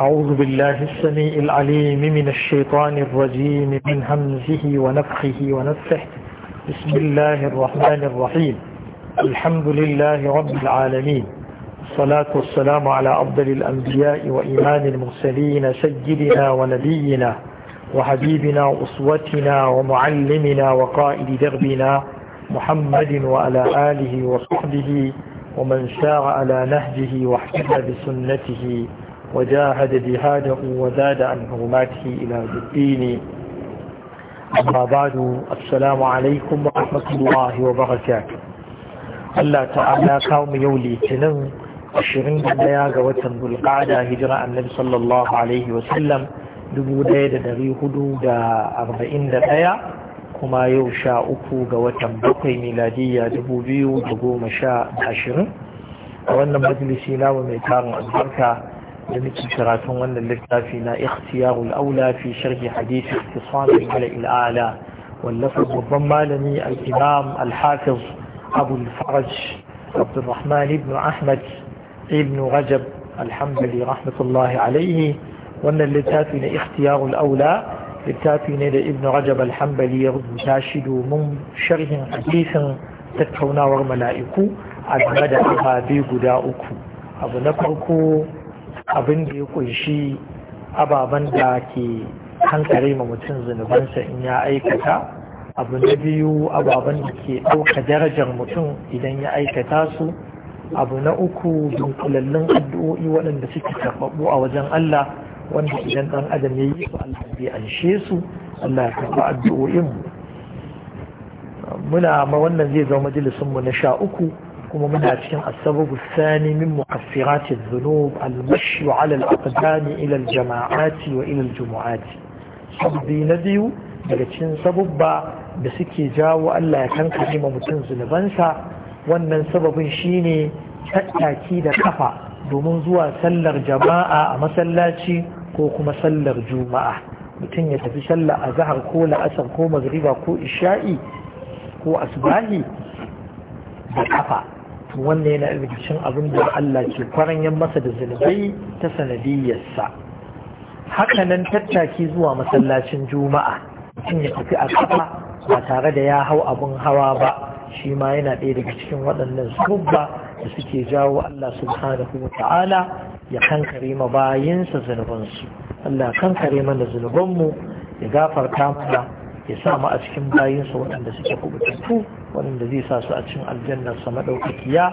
أعوذ بالله السميع العليم من الشيطان الرجيم من همزه ونفخه ونفخه بسم الله الرحمن الرحيم الحمد لله رب العالمين الصلاة والسلام على أفضل الأنبياء وإيمان المرسلين سيدنا ونبينا وحبيبنا وأسوتنا ومعلمنا وقائد دربنا محمد وعلى آله وصحبه ومن سار على نهجه واحتفى بسنته وجاهد جهاده وزاد عن حرماته إلى الدين أما بعد السلام عليكم ورحمة الله وبركاته Allah ta'ala kawo mu yau litinin ashirin da 21 ga watan bulƙada hijira annabi sallallahu alaihi wasallam 1441 kuma yau sha uku ga watan bakwai miladiyya ashirin a wannan majalisi namu mai tarin albarka da muke karatun wannan littafi na ikhtiyarul aula fi sharhi hadith iktisam al ala wallafa babban malami al-imam al-hafiz abu al-faraj abdurrahman ibn ahmad ibn rajab alhamdulillah rahmatullahi alaihi wannan littafi na ikhtiyarul aula littafi ne da ibnu rajab alhambali ya rubuta shi domin sharhin hadisin tattaunawar mala'iku a game da guda uku abu na farko abin da ya kunshi ababen da ke hankali ma mutum zunubansa in ya aikata abu na biyu ababen da ke ɗauka darajar mutum idan ya aikata su abu na uku dunkulallun addu'o'i waɗanda suke karɓaɓɓu a wajen Allah wanda idan ɗan adam ya yi su Allah bai anshe su Allah ya karɓi addu'o'in muna ma wannan zai zama majalisunmu na sha uku kuma muna cikin asababu sani min muqassirati dhunub al-mashi ala al-aqdam ila al-jama'ati wa ila al-jumu'ati sabbi na biyu daga cikin sabubba da suke jawo Allah ya kankare ma mutum zunubansa wannan sababin shine tattaki da kafa domin zuwa sallar jama'a a masallaci ko kuma sallar juma'a mutum ya tafi sallar azhar ko la'asar ko magriba ko isha'i ko asbahi da kafa wannan yana daga cikin abin da Allah ke kwaranyan masa da zunubai ta sanadiyyarsa haka nan tattaki zuwa masallacin juma'a mutum ya tafi a kafa ba tare da ya hau abin hawa ba shi ma yana ɗaya daga cikin waɗannan sabubba da suke jawo Allah subhanahu wa ta'ala ya kankare ma bayinsa zunubansu Allah kankare mana zunubanmu ya gafarta mana ya sa mu a cikin bayinsa waɗanda suke kubutattu waɗanda zai sa su a cin aljannar sama ɗaukakiya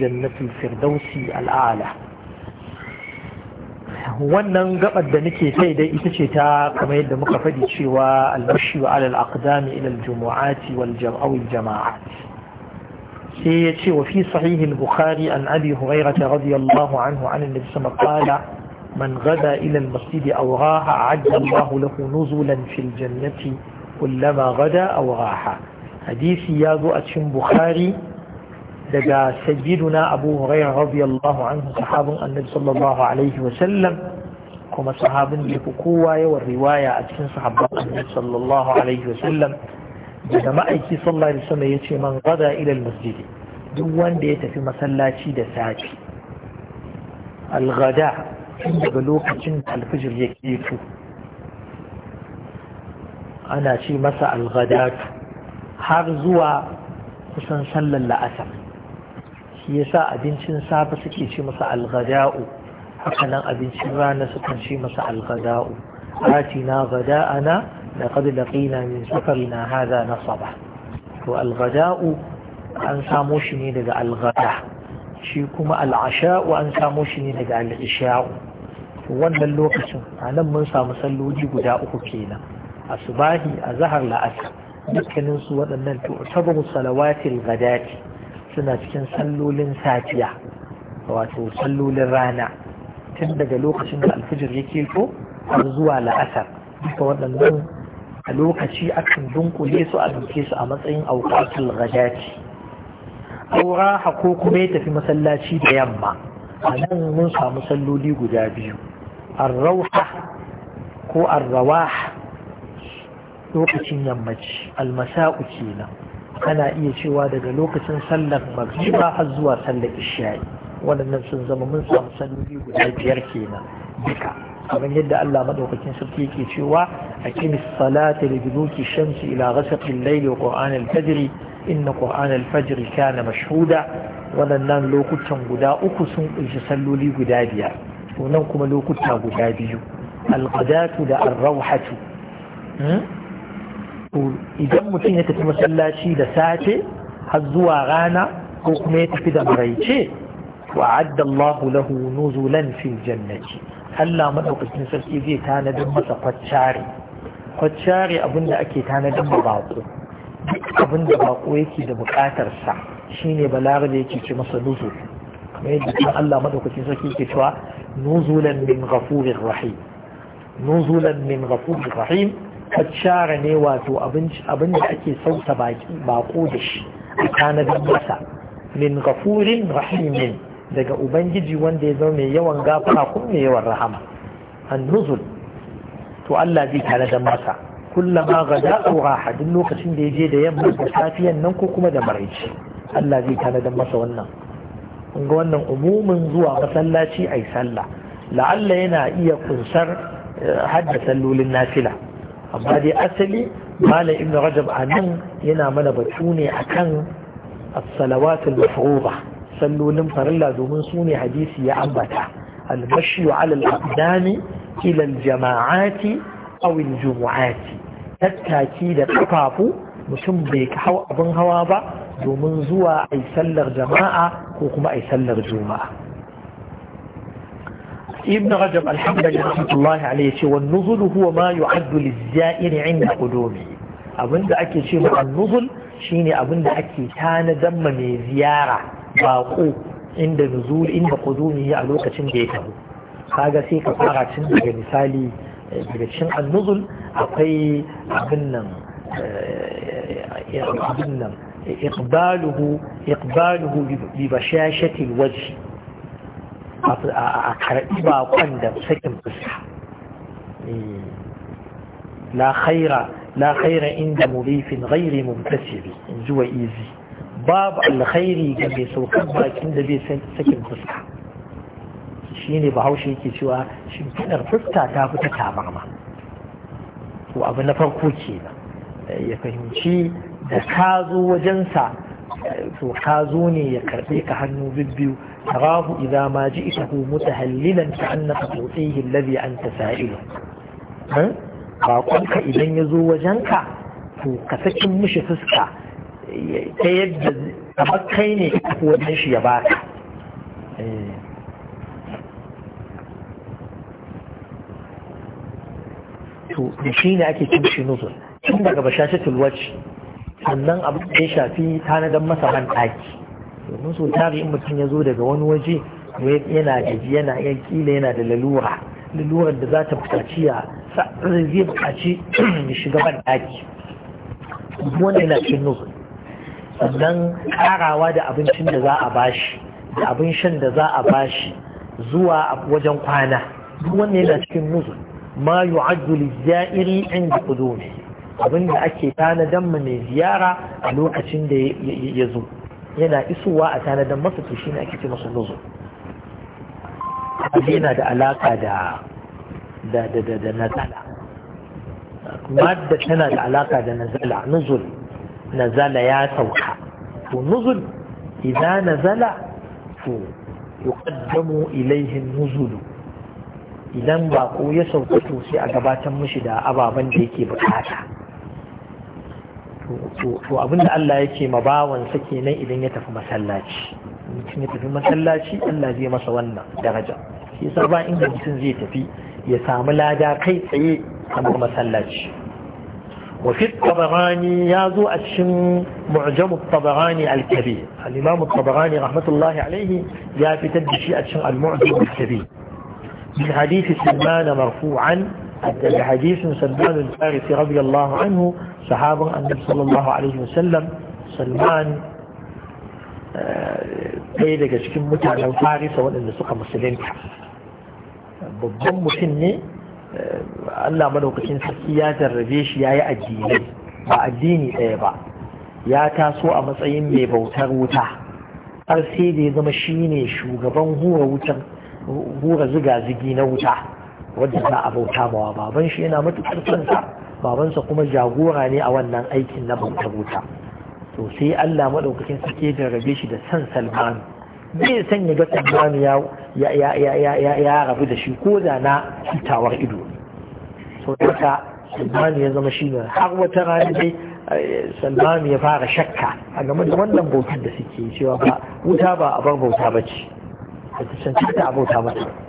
jannatul firdausi al'ala wannan gabar da nake kai dai ita ce ta kamar yadda muka faɗi cewa albashi wa alal aqdami ila al-jumu'ati wal jam'awi jama'at sai ya ce wa fi sahih al-bukhari an abi hurairah radiyallahu anhu an annabi sallallahu alaihi من غدا إلى المسجد أو راح أعد الله له نزلا في الجنة كلما غدا أو راح hadisi ya zo a cikin bukhari daga sayyiduna abu hurairah radiyallahu anhu sahabin annabi sallallahu alaihi wa sallam kuma sahabin da fi kowa yawan riwaya a cikin sahabban annabi sallallahu alaihi wa sallam daga ma'aiki sallallahu alaihi wa sallam yace man gada ila masjidi duk wanda ya tafi masallaci da safi al-ghada daga lokacin da alfijir ya keto ana ce masa al-ghadatu har zuwa kusan sallar la'asar shi yasa abincin safe suke ce masa alghada'u hakanan abincin rana suka ce masa alghada'u atina ghada'ana laqad mai min safarina na saba, to alghada'u an samo shi ne daga alghada shi kuma al'asha'u an samo shi ne daga al'isha'u wannan lokacin a nan mun samu salloli guda uku kenan asubahi a zahar la'asar dukkanin su waɗannan to sabu salawatil ghadati suna cikin sallolin safiya wato sallolin rana tun daga lokacin da alfijir yake to har zuwa la'asar duka waɗannan a lokaci akan dunkule su a duke su a matsayin auqatul ghadati aura ko kuma ya tafi masallaci da yamma a nan mun samu salloli guda biyu arrauha ko arrawah lokacin yammaci almasa'u kenan ana iya cewa daga lokacin sallar magriba har zuwa sallar isha'i waɗannan sun zama mun samu salloli guda biyar kenan duka kamar yadda Allah madaukakin sarki yake cewa aqimis salata li duduki shamsi ila ghasaqil layli wa qur'an al-fajr inna qur'an al-fajr kana mashhuda waɗannan lokutan guda uku sun kunshi salloli guda biyar to nan kuma lokuta guda biyu al-qadatu da ar-rawhatu hmm? to idan mutum ya tafi masallaci da sace har zuwa rana ko kuma ya tafi da maraice to a'adda Allah lahu nuzulan fil jannati Allah madaukakin sarki zai tanadin masa kwacciyare kwacciyare abinda ake tanadin ma bako duk abinda bako yake da bukatar sa shine balarabe yake ce masa nuzul kamar yadda Allah madaukakin sarki yake cewa nuzulan min ghafurir rahim nuzulan min ghafurir rahim kacchara ne wato abin da ake sauta bako da shi a tanadin masa min gafurin rahimin daga ubangiji wanda ya zo mai yawan gafara kun mai yawan rahama an nuzul to Allah zai da masa kullama ga da'u a hadin lokacin da ya je da yamma da safiyan nan ko kuma da maraici Allah zai da masa wannan kun ga wannan umumin zuwa masallaci ai sallah la'alla yana iya kunsar eh, hadda sallolin nafila amma dai asali mala ibn rajab a nan yana mana batu ne akan kan salawatul mafruḍa sallolin farilla domin su ne hadisi ya ambata al Alal 'ala Ilal jamaati Awil Juma'ati, jumuati tattaki da kafafu mutum bai hau abin hawa ba domin zuwa a sallar jama'a ko kuma ai sallar juma'a ibn rajab alhamdulillah rahmatullahi alayhi ce wan nuzul huwa ma yu'addu liz-za'ir 'inda qudumi abinda ake ce ma an-nuzul shine abinda ake tana ma mai ziyara baƙo inda nuzul inda qudumi a lokacin da ya taho kaga sai ka fara cin daga misali eh, daga cikin an akwai abin nan eh, abin nan iqbaluhu iqbaluhu bi bashashatil wajhi a karɓi baƙon da sakin fuska eh. la khaira la khaira inda murifin ghairi mumtasiri in izi babu alkhairi ga mai saukar bakin da zai sakin fuska shi ne bahaushe yake cewa shimfiɗar fuska ta fi ta tabarma to abu na farko kenan ya fahimci da ka zo wajensa to ka zo ne ya karbe ka hannu bibbiyu tarahu idza ma ji'tahu mutahallilan ka annaka tutihi alladhi anta sa'ilu baƙonka idan ya zo wajenka to ka sakin mishi fuska ta yadda kamar kai ne ka tafi wajen shi ya baka to shi ne ake cin shi nuzul tun daga bashashatul wajh sannan abu da ya shafi tanadan masa man ɗaki domin so tare in mutum ya zo daga wani waje yana gaji yana yan kila yana da lalura lalura da za ta buƙaci ya zai buƙaci ya shiga man ɗaki wanda yana cikin nufin sannan ƙarawa da abincin da za a bashi da abin shan da za a bashi zuwa wajen kwana duk wannan yana cikin nufin ma yu'addu lizzairi inda qudumi abin da ake tanadan mu mai ziyara a lokacin da ya zo yana isowa a tanadan masa to shine ake ce masa nuzo yana da alaka da da da da da nazala madda tana da alaka da nazala nuzul nazala ya sauka to nuzul idan nazala to yuqaddamu ilayhi nuzul idan bako ya sauka to sai a gabatar mishi da ababen da yake bukata to abinda Allah yake ma bawansa kenan idan ya tafi masallaci mutum ya tafi masallaci Allah zai masa wannan daraja shi yasa ba inda mutum zai tafi ya samu lada kai tsaye kamar masallaci wa fi tabarani ya zo a cikin mu'jamu tabarani al-kabir al-imam tabarani rahmatullahi alaihi ya fitar da shi a cikin al-mu'jam al-kabir min hadithi sulmana marfu'an daga hadisin salman al-farisi radiyallahu anhu sahabin annabi sallallahu alaihi wasallam salman eh, ɗaya daga cikin mutanen farisa waɗanda suka musulunta babban mutum ne eh, Allah madaukakin sarki ya jarrabe shi ya yi addinai ba addini ɗaya ba ya taso a matsayin mai bautar wuta har sai da ya zama shi ne shugaban hura wutar hura ziga-zigi na wuta wadda za a bauta wa baban shi yana matuƙar santa babansa kuma jagora ne a wannan aikin na bauta bauta to sai Allah madaukakin sake da rabe shi da san Salman bai san ya ga Salman ya ya rabu da shi ko da na cutawar ido so haka Salman ya zama shi ne har wata rana dai eh, Salman ya fara shakka a game da wannan bautar da suke cewa ba wuta ba a bar bauta ba ce. ta cancanta a bauta mata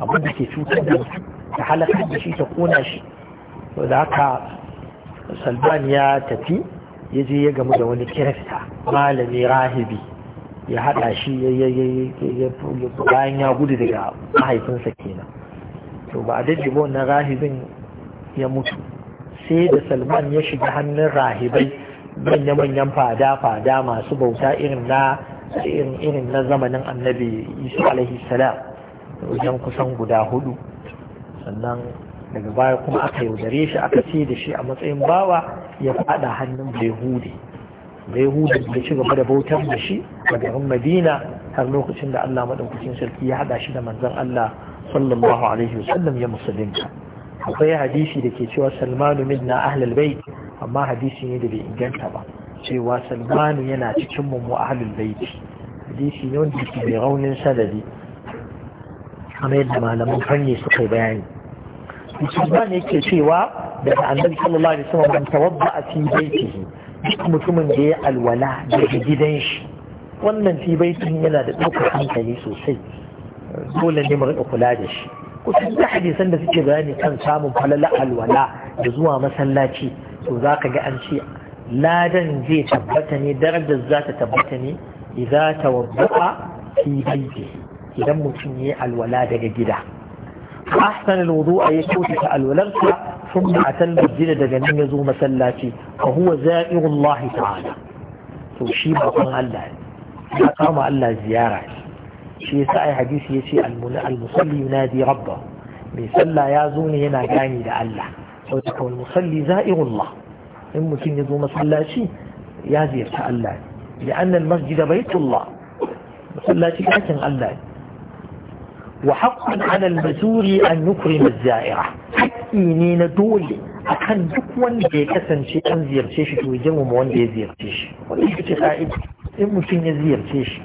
abin da ke cutar da mutum ta halakar da shi ta kona shi to da haka salman ya tafi ya je ya gamu da wani kirista malami rahibi ya hada shi bayan ya gudu daga mahaifinsa kenan to ba a daidai ba rahibin ya mutu sai da salman ya shiga hannun rahibai manya-manyan fada-fada masu bauta irin na irin na zamanin annabi isa alaihi salam wajen kusan guda hudu sannan daga baya kuma aka yaudare shi aka ce da shi a matsayin bawa ya fada hannun bai behudi da ci gaba da bautar da shi a garin madina har lokacin da allah maɗaukacin sarki ya haɗa shi da manzan allah sallallahu alaihi wasallam ya musulunta akwai hadisi da ke cewa salmanu minna ahlul bait amma hadisi ne da bai inganta ba cewa salmanu yana cikin mu ahlul bait hadisi ne wanda ke raunin sadari kamar yadda malaman fanni suka yi bayani ne yake cewa da annabi sallallahu alaihi wasallam man tawadda a fi baitihi duk mutumin da ya alwala daga gidan shi wannan fi baitin yana da ɗaukar hankali sosai dole ne mu kula da shi kusan da hadisan da suke bayani kan samun falala alwala da zuwa masallaci to za ka ga an ce ladan zai tabbata ne darajar za ta tabbata ne idza tawadda fi baitihi idan mutum ya alwala daga gida ahsan alwudu ya kuta kyautata alwalarsa sun a san gida daga nan ya zo masallaci fa huwa Allah ta'ala to shi ba bakon Allah ne ya kama Allah ziyara shi yasa ai hadisi yace al-musalli yunadi rabba mai salla ya zo ne yana gani da Allah ta kawai musalli Allah in mutum ya zo masallaci ya ziyarci Allah ne لأن المسجد بيت الله masallaci ɗakin Allah ne وحق على المزوري أن يكرم الزائرة حقي نينا دولي أكن دك وان دي كسن شيء أن زيرتيش توجم وان دي زيرتيش وليش كتي قائد إن ممكن يزيرتيش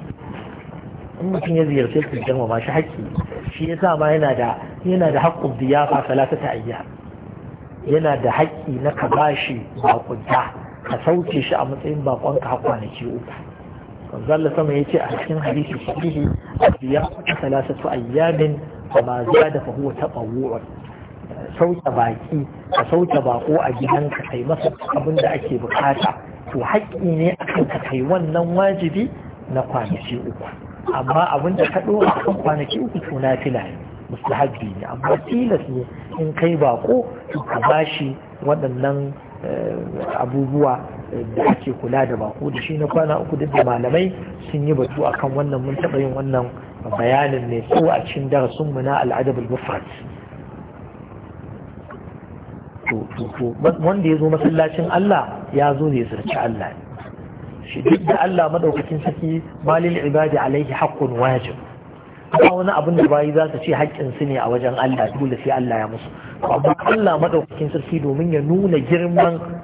إن ممكن يزيرتيش توجم وما شي حقي شيء يسا ما ينا دا ينا دا حق الضيافة ثلاثة أيام ينا دا حقي نكباشي باقنتا ka sauke shi a matsayin bakonka har kwanaki uku قال سما يتي أحسن حديث فيه الضياء ثلاثة أيام وما زاد فهو تطوع sauke baki ka sauke bako a ka kai masa abin da ake bukata to haƙƙi ne akan ka kai wannan wajibi na kwanaki uku amma abin da ka ɗora a kan kwanaki uku to na fila ne mustahabi ne amma tilas ne in kai bako to ka bashi waɗannan eh, abubuwa da ake kula da bako da shi na kwana uku duk da malamai sun yi batu akan wannan mun taɓa yin wannan bayanin ne ko a cikin darasin mu na al'adab al-mufrad to to wanda ya zo masallacin Allah ya zo ne zurci Allah shi duk da Allah madaukakin saki malil ibadi alaihi haqqun wajib ba wani abin da bayi za su ce su ne a wajen Allah dole sai Allah ya musu amma Allah madaukakin sarki domin ya nuna girman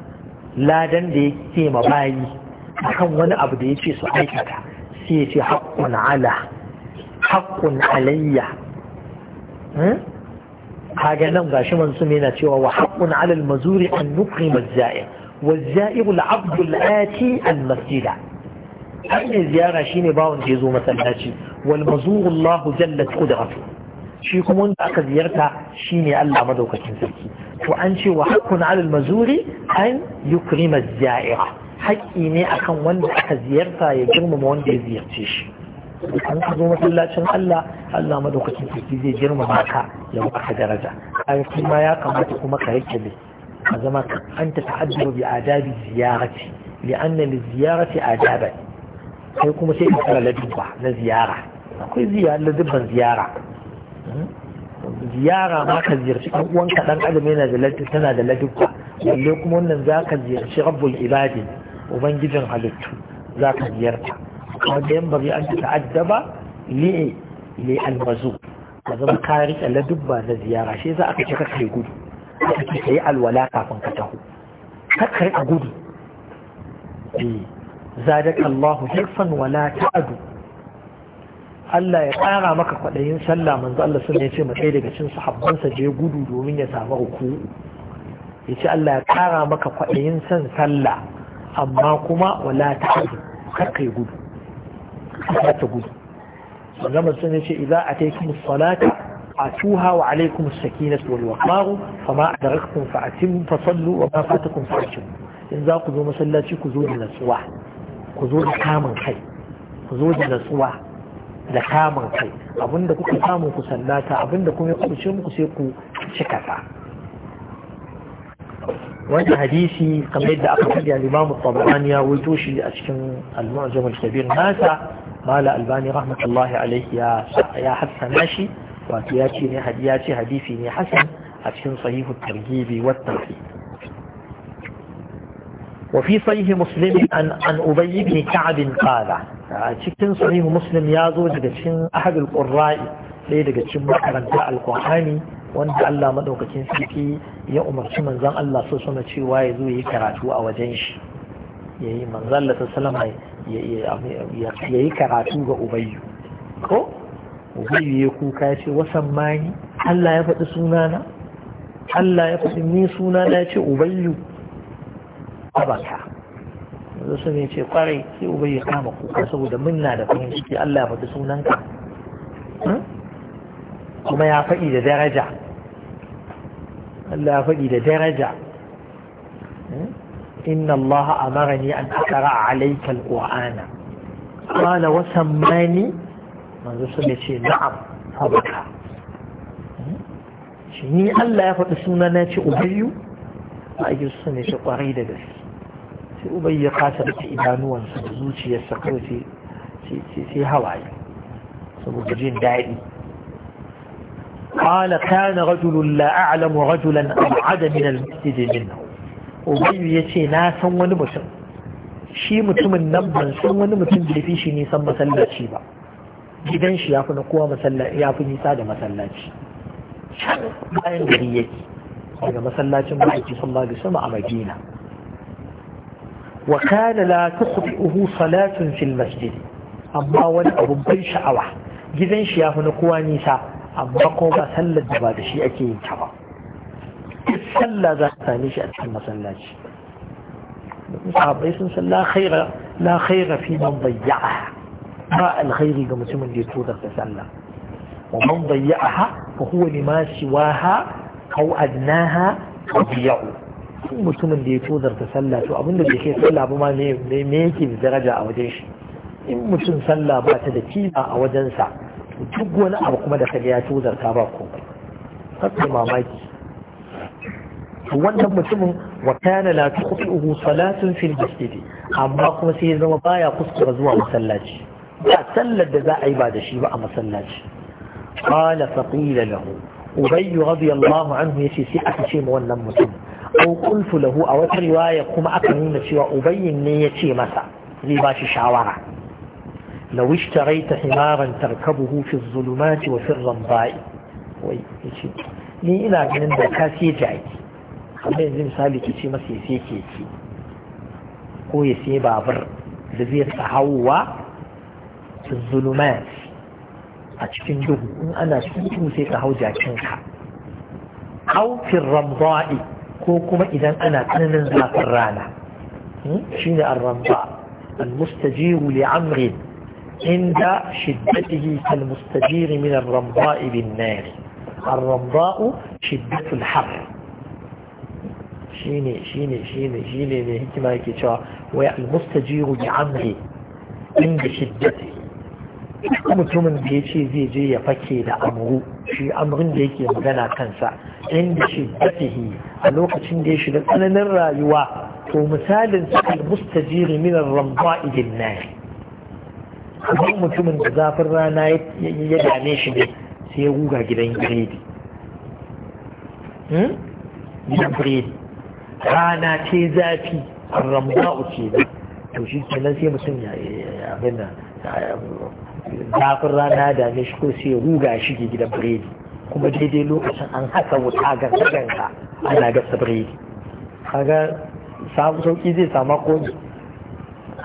ladan da ya ce ma bayi a kan wani abu da ya ce su aikata sai ya ce haƙƙun ala haƙƙun alayya haga hmm? nan ga shi mansu yana cewa wa haƙƙun alal mazuri an nukri mazza'i wa za'ibu al-abdul ati al-masjida abin ziyara shine bawon da masallaci wal mazuru Allahu jalla qudratu shi kuma wanda aka ziyarta shine Allah madaukakin sarki Ku an ce wa hakkun alal mazuri an yukrima za'ira haƙƙi ne akan wanda aka ziyarta ya girmama wanda ya ziyarce shi an ka zo masallacin Allah Allah madaukakin sarki zai girmama ka ya baka daraja kai kuma ya kamata kuma ka yake ne a zama an ta ta'addu bi adabi ziyarati li anna li ziyarati adaban kai kuma sai ka tsara ladubba na ziyara akwai ziyara ladubban ziyara hmm? ziyara ma ka ziyarci ɗan uwanka ɗan adam yana da laddu tana da ladduka lalle kuma wannan za ka ziyarci rabbul ibadi ubangijin halittu za ka ziyarta kuma da yan bari an ta ta'addaba li li almazu ka zama ka riƙe ladubba na ziyara shi za aka ce ka kai gudu aka ce ka yi alwala kafin ka taho ka kai a gudu eh, zadaka Allahu hirfan wala ta'adu Allah ya ƙara maka kwaɗayin sallah manzo Allah sun ya ce ma ɗaya daga cin sahabbansa je gudu domin ya samu ruku ya ce Allah ya ƙara maka kwaɗayin san sallah amma kuma wala ta gudu kar kai gudu kar ta gudu manzo Allah sun ya ce idza ataykum salata atuha wa alaykum as-sakinatu wal waqaru fama adraktum fa atimmu fa sallu wa ma fatakum fa in za ku zo masallaci ku zo da natsuwa ku zo da kamun kai ku zo da natsuwa da kamun kai abinda kuka samu ku sallata abinda kuma ku ce muku sai ku cika ta wannan hadisi kamar yadda aka faɗi al-Imam Tabarani ya wuto shi a cikin al-Mu'jam al-Kabir nasa Mala Albani rahmatullahi alaihi ya ya hassana shi wato ya ce ne hadiya ce hadisi ne hasan a cikin sahihu targhibi wa tarhib وفي صحيح مسلم an عن أبي بن كعب قال a cikin sahih muslim ya zo daga cikin ahadul qurra'i sai daga cikin makaranta alqur'ani wanda Allah madaukakin sarki ya umarci manzon Allah so na cewa ya zo yi karatu a wajen shi yayi manzon Allah sallama ya yi karatu ga ubayyu ko ubayyu ya kuka ya ce wasan mani Allah ya faɗi sunana Allah ya faɗi ni sunana ya ce ubayyu abaka yanzu su ne ce kwarai sai ubai ya kama kuka saboda munna da farin ciki Allah ya faɗi sunanka hmm? kuma ya faɗi da daraja Allah ya faɗi da daraja hmm? inna Allah ni an akara alayka alqur'ana qala wa sammani manzo su ne ce na'am sabaka hmm? shi ni Allah ya faɗi sunana ce ubayyu a yi su ne shi kwarai da gaske sai ubai ya kasa da idanuwansa da zuciyarsa kawai sai hawaye saboda jin daɗi rajulun قال rajulan رجل min al-masjid minna ubai ya ce na san wani mutum. shi mutumin nan ban san wani mutum da fi shi nisan masallaci ba gidan shi ya fi na kowa masallaci ya fi nisa da masallaci bayan gari yake daga masallacin ma'aiki sallallahu da sama a Madina وكان لا تخطئه صلاة في المسجد أما وانا أبو بن شعوة جذن شياه نقوى نيسا أما قوما سلت بعد شيء أكيد كما سلا ذات ثاني شيء أتحمى مسلاش صحابي سنسل لا خير لا خير في من ضيعها ما الخير لما تمن دي تودر تسلى ومن ضيعها فهو لما سواها أو أدناها وضيعه duk mutumin da ya tozarta sallah to abinda da ke sallah ba ma me yake da daraja a wajen shi in mutum sallah ba ta da kima a wajensa to duk wani abu kuma da kaga ya tozarta ba komai kake mamaki wannan mutumin wa kana la tuqti'uhu salatun fil masjid amma kuma sai ya zama baya kuskura zuwa masallaci ba sallar da za a yi ba da shi ba a masallaci qala faqila lahu ubay radiyallahu anhu yace sai aka ce ma wannan mutum aw qultu lahu a wata riwaya kuma aka nuna cewa ubayyin ne ya ce masa zai ba shi shawara لو اشتريت حمارا تركبه في الظلمات وفي الرمضاء وي يشي ni ina ganin da ka sai jaki amma yanzu misali ki ce masa ya sai keke ko ya sai babur da zai tsahawa fi zulumat a cikin duhu in ana sutu sai ka hau jakinka hau fi ramda'i ko kuma idan ana tsananin zafin rana shi ne an arramba almustajiru li amrin inda shiddatihi kalmustajiri min arramba ibin nari arramba shiddatul har shi ne shi ne shi ne ne hikima yake cewa wai almustajiru li amrin inda shiddatihi mutumin da ya ce zai je ya fake da amuru shi amurin da yake magana kansa inda shi fatihi a lokacin da ya shiga tsananin rayuwa to misalin sa musta jiri minar ramba idin na yi kuma mutumin da zafin rana ya dame shi ne sai ya guga hmm? gidan biredi rana ce zafi ramba uke da to shi kenan sai mutum ya abin zafin rana da ne shi ko sai ruga shi ke gidan biredi kuma daidai lokacin an haka wuta ga ganga ana gasa biredi kaga samu sauki zai sama komi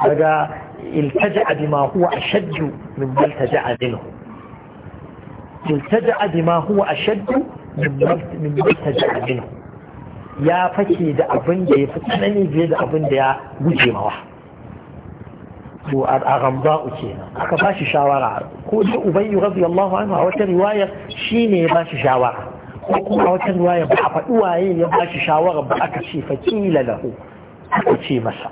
kaga iltaja bima huwa ashaddu min baltaja minhu iltaja bima huwa ashaddu min baltaja abinu. ya fake da abin da ya fi tsanani fiye da abin da ya guje mawa ko a gamza'u kenan aka ba shi shawara ko da ubayyu radiyallahu anhu a wata riwayar shine ya ba shi shawara ko kuma wata riwaya ba a faɗi waye ya ba shi shawara ba aka ce fa kila lahu aka ce masa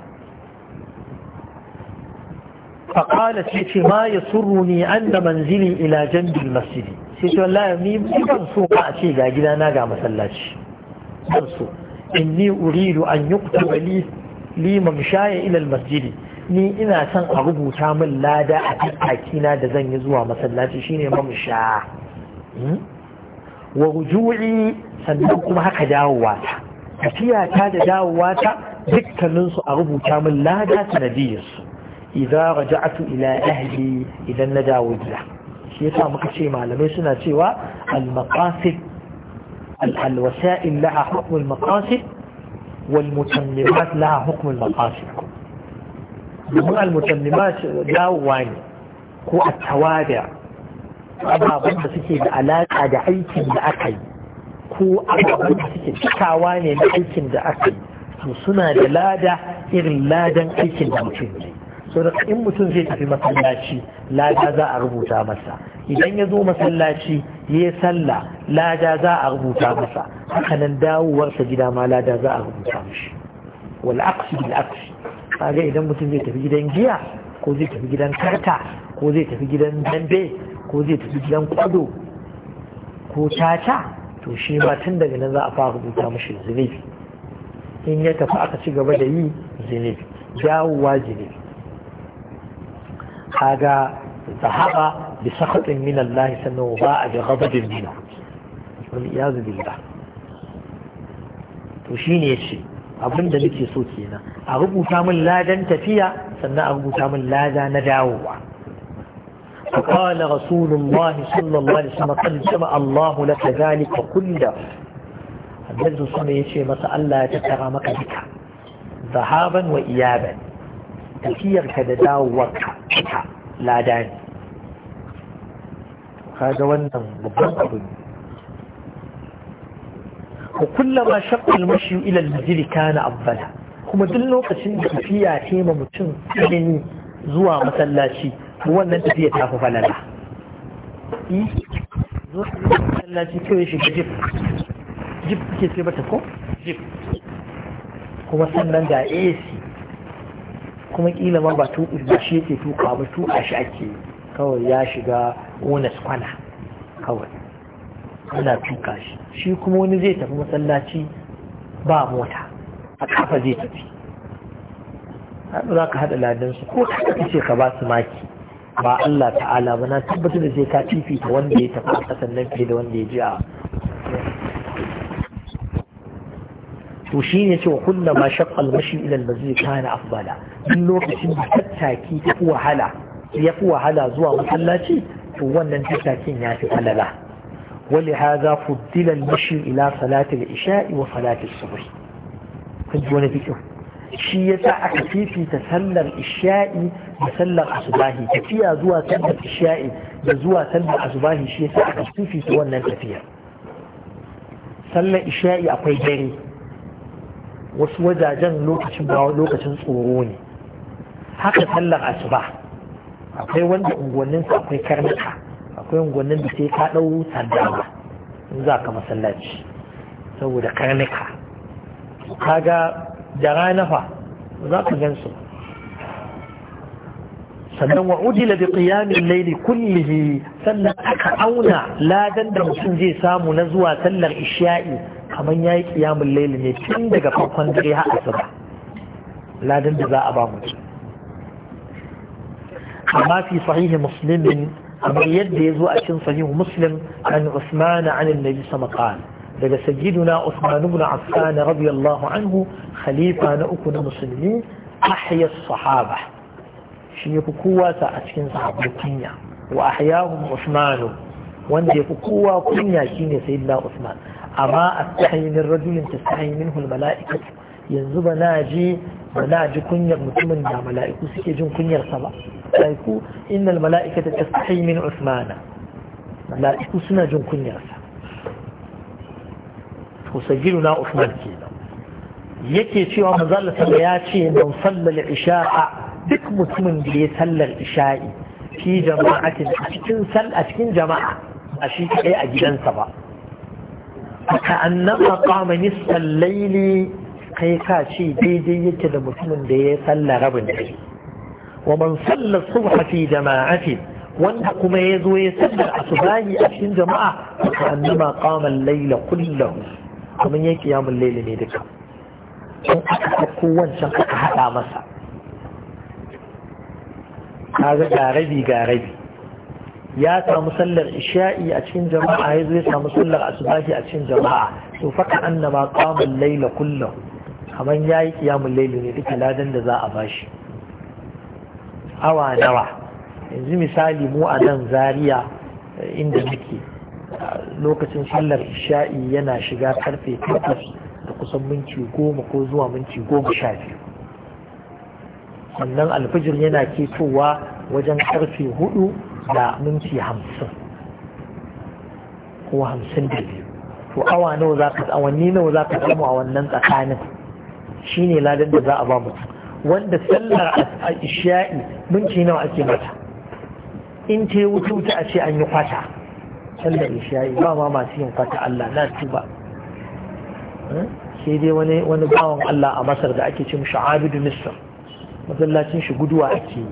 فقالت لك ما يسرني أن منزلي إلى جنب المسجد سيت والله ني بان سو ما أشي غا غدانا غا مسلاتي بان سو إني أريد أن يكتب لي لي ila al masjid ni ina son a rubuta min lada a tattaki da zan yi zuwa masallaci shine mamusha hmm? wa ruju'i sannan kuma haka dawowa ta ta da dawowa ta dukkanin a rubuta min lada sanadiyar su idan raja'atu ila ahli idan na dawo gida shi yasa muka ce malamai suna cewa al-maqasid al-wasa'il laha maqasid wal mutammimat laha hukm maqasid domin almutammimat dawowa ne ko a tawada ababen da suke da alaƙa da aikin da aka yi ko ababen da suke cikawa ne na aikin da aka yi to suna da lada irin ladan aikin da mutum ne so da in mutum zai tafi masallaci lada za a rubuta masa idan ya zo masallaci ya sallah lada za a rubuta masa hakanan dawowarsa gida ma lada za a rubuta mashi. wal aqsi bil aksi kaga idan mutum zai tafi gidan giya ko zai tafi gidan karta ko zai tafi gidan dambe ko zai tafi gidan kwado ko caca to shi ma tun daga nan za a fara rubuta mashi zunubi in ya tafi aka ci gaba da yi zunubi jawowa zunubi kaga zahaba bi sakhatin min Allah sannan ba a bi ghadabin minhu wal iyaz billah to shine yace abin da nake so kenan a rubuta min ladan tafiya sannan a rubuta min lada na dawowa فقال رسول الله صلى الله عليه وسلم قد جمع الله لك ذلك كله النبي صلى الله عليه وسلم الله تترى مكتك ذهابا وإيابا تفير كددا وكا لا داني هذا وانا مبنى wa kullama shaqqa al-mashi ilal al-majli kana afdala kuma duk lokacin da tafiya ce ma mutum ilimi zuwa masallaci wannan tafiya ta fi falala zuwa masallaci kawai shiga jif jif ke ce mata ko jif kuma sannan ga ac kuma kila ma ba tuku ba shi yake tuka ba tuka shi ake kawai ya shiga onas kwana kawai ana tuka shi shi kuma wani zai tafi masallaci ba mota a kafa zai tafi za ka haɗa ladansu ko ka ce ka ba su maki ba Allah ta'ala ba na tabbatar da sai ka ta wanda ya tafi a ƙasan nan fiye da wanda ya ji a to shi ne cewa kunna ma shaqqal mashi ilal al-masjid kana afbala duk lokacin da tattaki ta wahala ya fi wahala zuwa masallaci to wannan tattakin ya fi falala ولهذا فضل المشي إلى صلاة العشاء وصلاة الصبح كنت وانا فكر شي يسا أكفيفي تسلى العشاء تسلى أصباهي تفيا زوا سلى العشاء زوا سلى أصباهي شي يسا أكفيفي تولى تفيا سلى العشاء أقوي جري wasu wajajen lokacin bawa lokacin tsoro ne haka sallar asuba akwai wanda unguwanninsa akwai karnuka akwai gwanin da sai ka ɗau sanda in za ka masallaci saboda karnuka ga da rana fa za ka gan su sannan wa udila bi qiyamil layli kullihi sannan aka auna ladan da mutum zai samu na zuwa sallar isha'i kamar yayi qiyamul layli ne tun daga farkon dare har asuba ladan da za a ba mutum amma fi sahihi muslimin من يدي زوأش صحيح مسلم عن عثمان عن النبي صلى الله عليه وسلم قال سيدنا عثمان بن عفان رضي الله عنه خليفة نأكل مسلمين أحيا الصحابة شيخ قوة أشكين صحابة كنيا وأحياهم عثمان وندي قوة كنيا شيني سيدنا عثمان أما أتحي من رجل تستحي منه الملائكة ينزب ناجي ba ji kunyar mutumin da mala'iku suke jin kunyarsa ba mala'iku usmana mala'iku suna jin kunyarsa to sajiru na usman kenan yake cewa manzo ya ce man sallal isha'a duk mutumin da ya sallar isha'i fi jama'a a cikin a cikin jama'a a shi kai a gidansa ba ka annaba qama nisfal layli kai ka ce daidai yake da mutumin da ya salla rabin dare wa man salla subha fi jama'atin wanda kuma ya zo ya sallar asubahi a cikin jama'a ka annama qama al-layla kullahu kuma ya kiyamul Layla ne duka in aka ɗauko wancan aka haɗa masa kaga ga Garabi ga ya samu sallar isha'i a cikin jama'a ya zo ya samu sallar asubahi a cikin jama'a to faka annama qama al-layla kullahu kamar ya yi kiyamun laili ne duka ladan da za a bashi awa nawa yanzu misali mu a nan Zariya eh, inda muke lokacin sallar isha'i yana shiga karfe takwas da kusan minti goma ko zuwa minti goma sha biyu sannan alfijir yana ketowa wajen karfe hudu da minti hamsin ko hamsin da biyu to awa nawa za ka awanni nawa za ka samu a wannan tsakanin Shi ne ladan da za a ba mutum wanda sallar isha'i minti nawa ake mata in ce wuce wuce a ce an yi kwata sallar isha'i ba ma masu yin kwata Allah na tuba hmm? sai dai wani wani bawan Allah a Masar da ake ce mishi Abidu Misr masallacin shi guduwa ake yi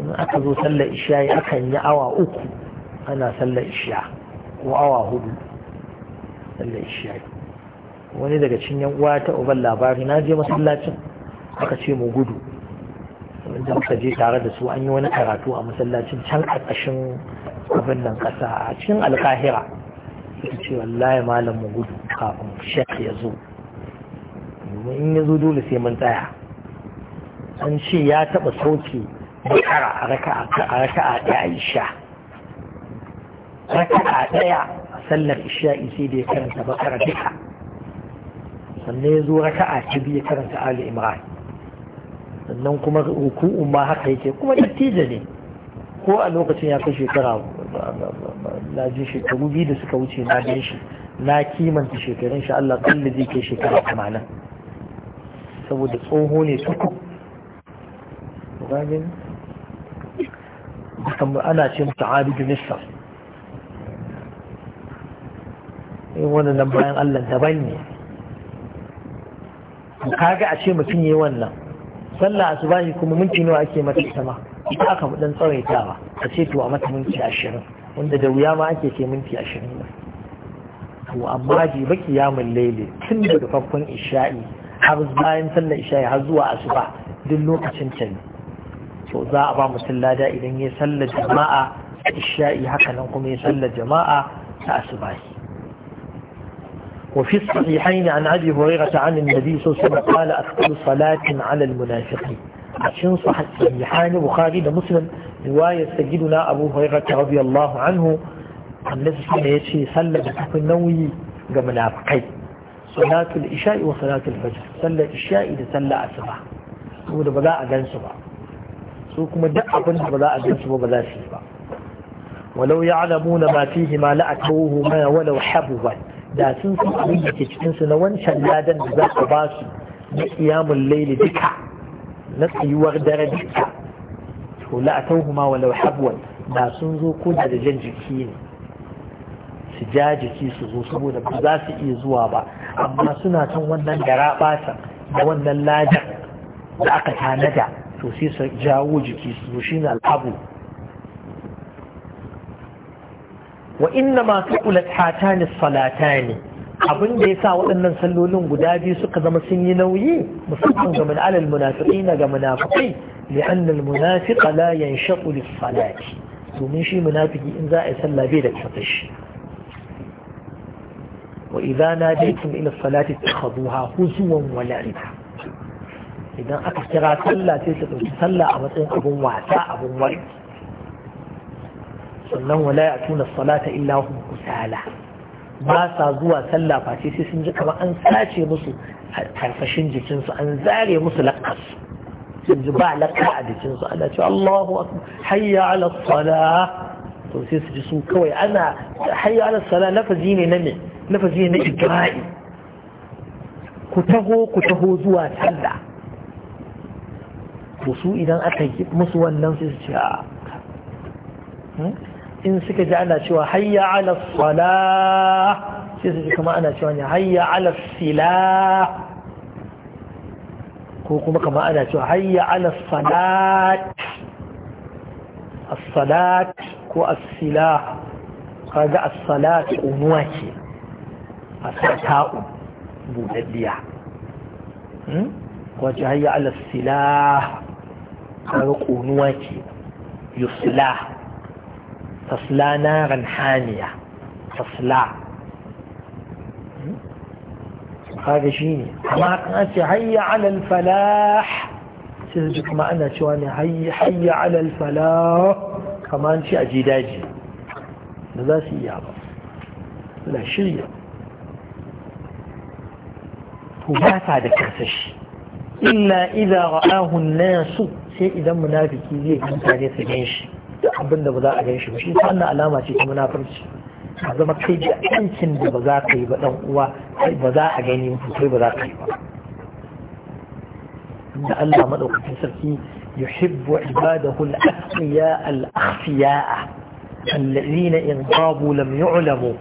in aka zo sallar isha'i akan yi awa uku ana sallar ishiya, ko awa hudu sallar isha'i wani daga cikin yan uwa ta uban labari na je masallacin aka ce mu gudu da muka je tare da su an yi wani karatu a masallacin can ƙarƙashin abin nan ƙasa a cikin alkahira suka ce wallahi malam mu gudu kafin shek ya zo domin in ya zo dole sai mun tsaya an ce ya taɓa sauke bakara a raka'a ɗaya a isha raka'a ɗaya a sallar isha'i sai da ya karanta bakara duka sannan ya zo raka'a ta biyu karanta ali imran sannan kuma ruku'un ma haka yake kuma dattijo ne ko a lokacin ya kai shekara na ji shekaru biyu da suka wuce na gan shi na kimanta shekarun shi Allah kalli zai kai shekara kamanan saboda tsoho ne tuku gagin ana ce mutu abidu nisar yin eh, wani nan bayan Allah daban ne mu kaga a ce mutum yi wannan sallah asubahi kuma minti nawa ake mata ita ma ita aka mu dan tsawaitawa a ce to a mata minti ashirin wanda da wuya ma ake ce minti ashirin to amma ji baki ya laili tun da rufaffen isha'i har bayan sallar isha'i har zuwa asuba duk lokacin ta ne to za a ba mutum lada idan ya sallar jama'a isha'i haka nan kuma ya sallar jama'a ta asubahi وفي الصحيحين عن أبي هريرة عن النبي صلى الله عليه وسلم قال أثقل صلاة على المنافقين عشان صح الصحيحان بخاري مسلم رواية سيدنا أبو هريرة رضي الله عنه عن النبي صلى الله عليه وسلم صلى بحق النووي كمنافقين صلاة الإشاء وصلاة الفجر صلى الإشاء إذا صلى الصبح saboda ba za a gan su ba su kuma duk abin da ba za a gan su ba ba za su yi ba walau ya alamu na ma fihi ma la'atuhu ma walau habuban da sun san abin da ke cikinsu na wancan ladan da za a ba su na kiyamun laili duka na tsayuwar dare duka to la'atauhuma walau habwan da sun zo ko da da jan jiki ne su ja jiki su zo saboda ba za su iya zuwa ba amma suna son wannan daraɓatar bata da wannan ladan da aka tanada to sai su jawo jiki su zo shine al'abu wa inna ma tuqulat hatani salatani abin da yasa waɗannan sallolin guda biyu suka zama sun yi nauyi musamman ga min alal munafiqina ga munafiqai li'anna al munafiqa la yanshaqu lis salati domin shi munafiki in za a yi sallah bai da tsafashi wa idza nadaytum ila salati takhuduha huzuwan wa la'iba idan aka kira sallah sai su ɗauki sallah a matsayin abun wasa abun warki sannan wala ya tuna salata illa hum kusala ba sa zuwa sallah face sai sun ji kamar an sace musu tarfashin jikinsu an zare musu lakas sun ji ba lakka a jikinsu ana ce Allahu akbar hayya ala sala to sai su ji su kawai ana hayya ala sala lafazi ne na me lafazi ne na igra'i ku taho ku taho zuwa sallah to su idan aka yi musu wannan sai su ce a in suka ji ana cewa hayya ala sala sai su ji kama ana cewa ne hayya ala sila ko kuma kama ana cewa hayya ala salat as-salat ko as-sila kaga as-salat unuwa ce as-sata'u budaddiya wace hmm? hayya ala sila kaga unuwa ce yuslah تصلى نارا حانية تصلى هذا شيء ما أنت هيا على الفلاح سيزدك ما أنا شواني هيا هيا على الفلاح كمان أنت أجداجي لا سيابا لا شيء وما فعد كرسش إلا إذا رآه الناس سيئذا منافكي ليه كنت عليه سجنشي duk abin da ba za a gan shi ba shi wannan alama ce ta munafurci a zama kai da yancin da ba za ka yi ba dan uwa kai ba za a gani mutu kai ba za ka yi ba da Allah madaukakin sarki yuhibbu ibadahu al-asqiya al-akhfiya alladhina in qabu lam yu'lamu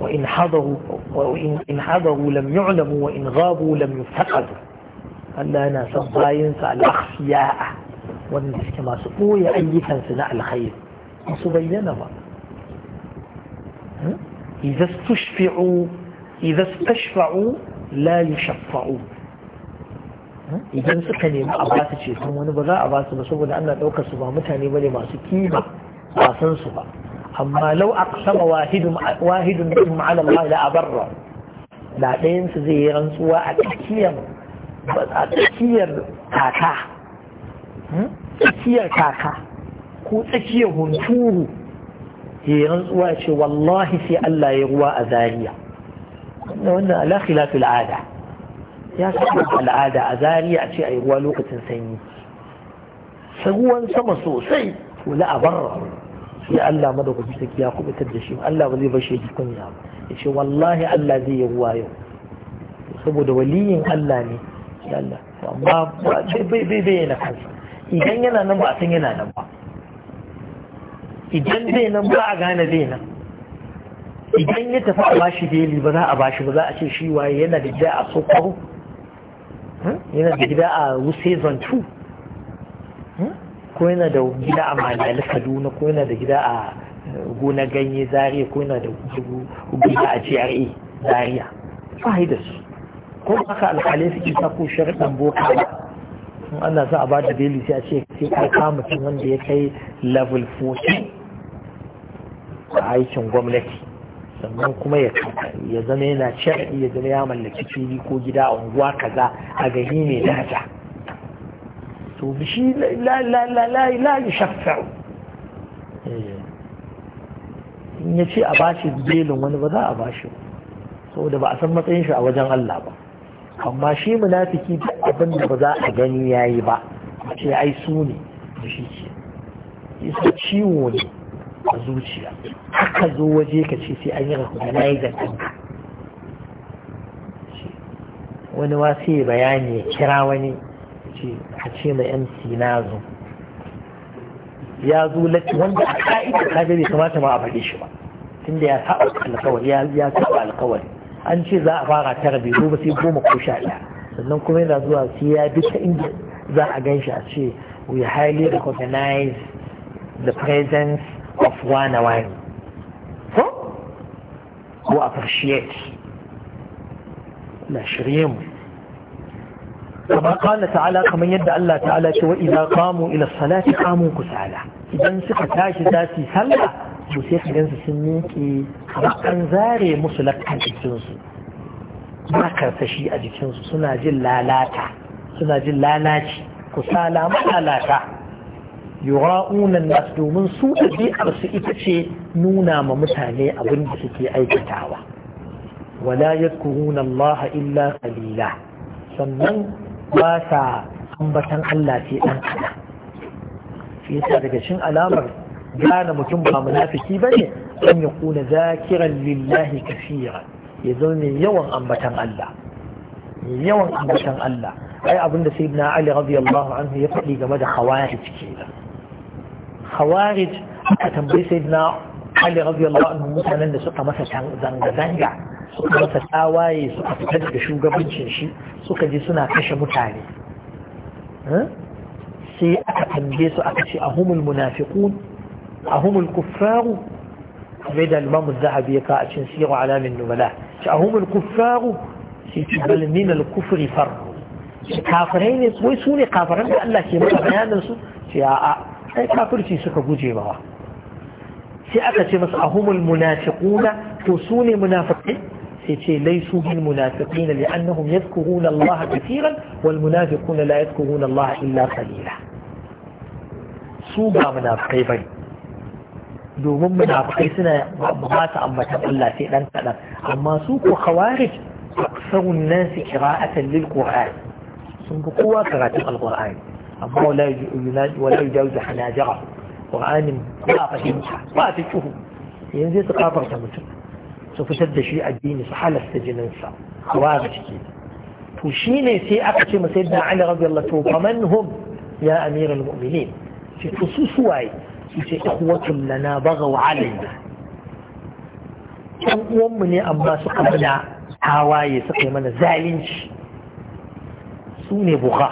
wa in hadahu wa in hadahu lam yu'lamu wa in ghabu lam yuftaqadu Allah yana son bayinsa al-akhfiya والاستماس هو يعيثا سناء الخير وسبينها إذا استشفعوا إذا استشفعوا لا يشفعوا إذا سكني ما شيء ثم نبغى أبغاك بسوء لأن لو كسبها متهني ولي ما ما سنصبع. أما لو أقسم واحد واحد منهم على الله لا أبرر لا تنس زيرا سوى أتكير أتكير تاتا tsakiyar kaka ko tsakiyar hunturu ya rantsuwa ce wallahi sai Allah ya ruwa a zariya wannan ala khilafi al'ada ya saba al'ada a zariya a ce a yi ruwa lokacin sanyi ruwan sama sosai to la abarra sai Allah madaukaki saki ya kubutar da shi Allah ba zai bar shi kunya ba ya ce wallahi Allah zai yi ruwa yau saboda waliyin Allah ne ya Allah amma bai bai na kansa idan yana nan ba a san yana nan ba idan zai nan ba a gane zai nan idan ya tafi a bashi beli ba za a bashi ba za a ce shi waye yana da gida a sokoro hmm? yana da gida a wuse zantu hmm? ko yana da gida a malali kaduna ko yana da gida a eh, gona ganye zariya ko yana da gida a GRA zariya ba da su ko haka alƙalai suke sako sharɗan boka ba in Allah za a ba da beli sai a ce sai ka kama mutum wanda ya kai level 14 a aikin gwamnati sannan kuma ya zama yana shari'i ya zama ya mallaki fili ko gida a unguwa kaza a gani mai daga to bishi la lalai la la eh. in ya ce a bashi belin wani ba za a bashi saboda ba a san matsayin shi a wajen Allah ba amma shi munafiki duk abin da ba za a gani ya yi ba ce ai su ne da shi ke isa ciwo ne a zuciya haka zo waje ka ce sai an yi na yi zantanka wani wasu sai bayani ya kira wani a ce mai mc na zo ya zo wanda a ka'ida kaga bai kamata ma a faɗi shi ba tunda ya saba alkawari ya saba alkawari an ce za a fara tara bai zo ba sai goma ko sha ɗaya sannan kuma yana zuwa sai ya bi ta inda za a gan shi a ce we highly recognize the presence of one one. ko ko appreciate na shirye mu kama kana ta'ala kamar yadda Allah ta'ala ce wa idza kamu ila salati kamun kusala idan suka tashi za su sallah to sai ka gansu sun miƙe an zare musu lakkan jikinsu ba shi a jikinsu suna jin lalata suna jin lalaci kusala malalata yura'unan nas domin su ɗabi'arsu ita ce nuna ma mutane abin da suke aikatawa wala yadkuruna Allah illa qalila sannan ba sa ambatan Allah sai dan kada yasa daga cikin alamar gane mutum ba munafiki ne? an ya kuna zakiran lillahi kafiran ya zama mai yawan ambatan Allah mai yawan ambatan Allah ai abin da sayyidina Ali radiyallahu anhu ya faɗi game da khawarij kenan khawarij aka tambayi sayyidina Ali radiyallahu anhu mutanen da suka masa zanga-zanga suka masa tsawaye suka fitar da shugabancin shi suka je suna kashe mutane eh? sai aka tambaye su aka ce ahumul munafiqun أهم الكفار مدى المم الذهبية كأشن سيروا على من نملا أهم الكفار سيتبل من الكفر فر كافرين ويسوني كافرين بأن الله كيما بيانا آه، سي آه، كافر سي سكا قجي بوا سي أكتش مس أهم المنافقون تسوني منافقين سيتي ليسوا بالمنافقين لأنهم يذكرون الله كثيرا والمنافقون لا يذكرون الله إلا قليلا سوبا منافقين domin muna munafikai suna ba ta ambata Allah sai dan kadan amma su ko khawarij aksarun nan su qira'atan lil qur'an sun ga kowa karatu al qur'an amma wala yujuna wala yujawizu hanajara qur'an ba fahimta ba ta kuhu yanzu su kafar ta mutum su fitar da shi addini su halasta sa khawarij ke to shine sai aka ce masa sayyidina Ali radiyallahu anhu man hum ya amirul mu'minin fi khususuwai ce ikwatun lana bagaw alaina ɗan uwanmu ne amma suka mana hawaye suka yi mana zalunci su ne buga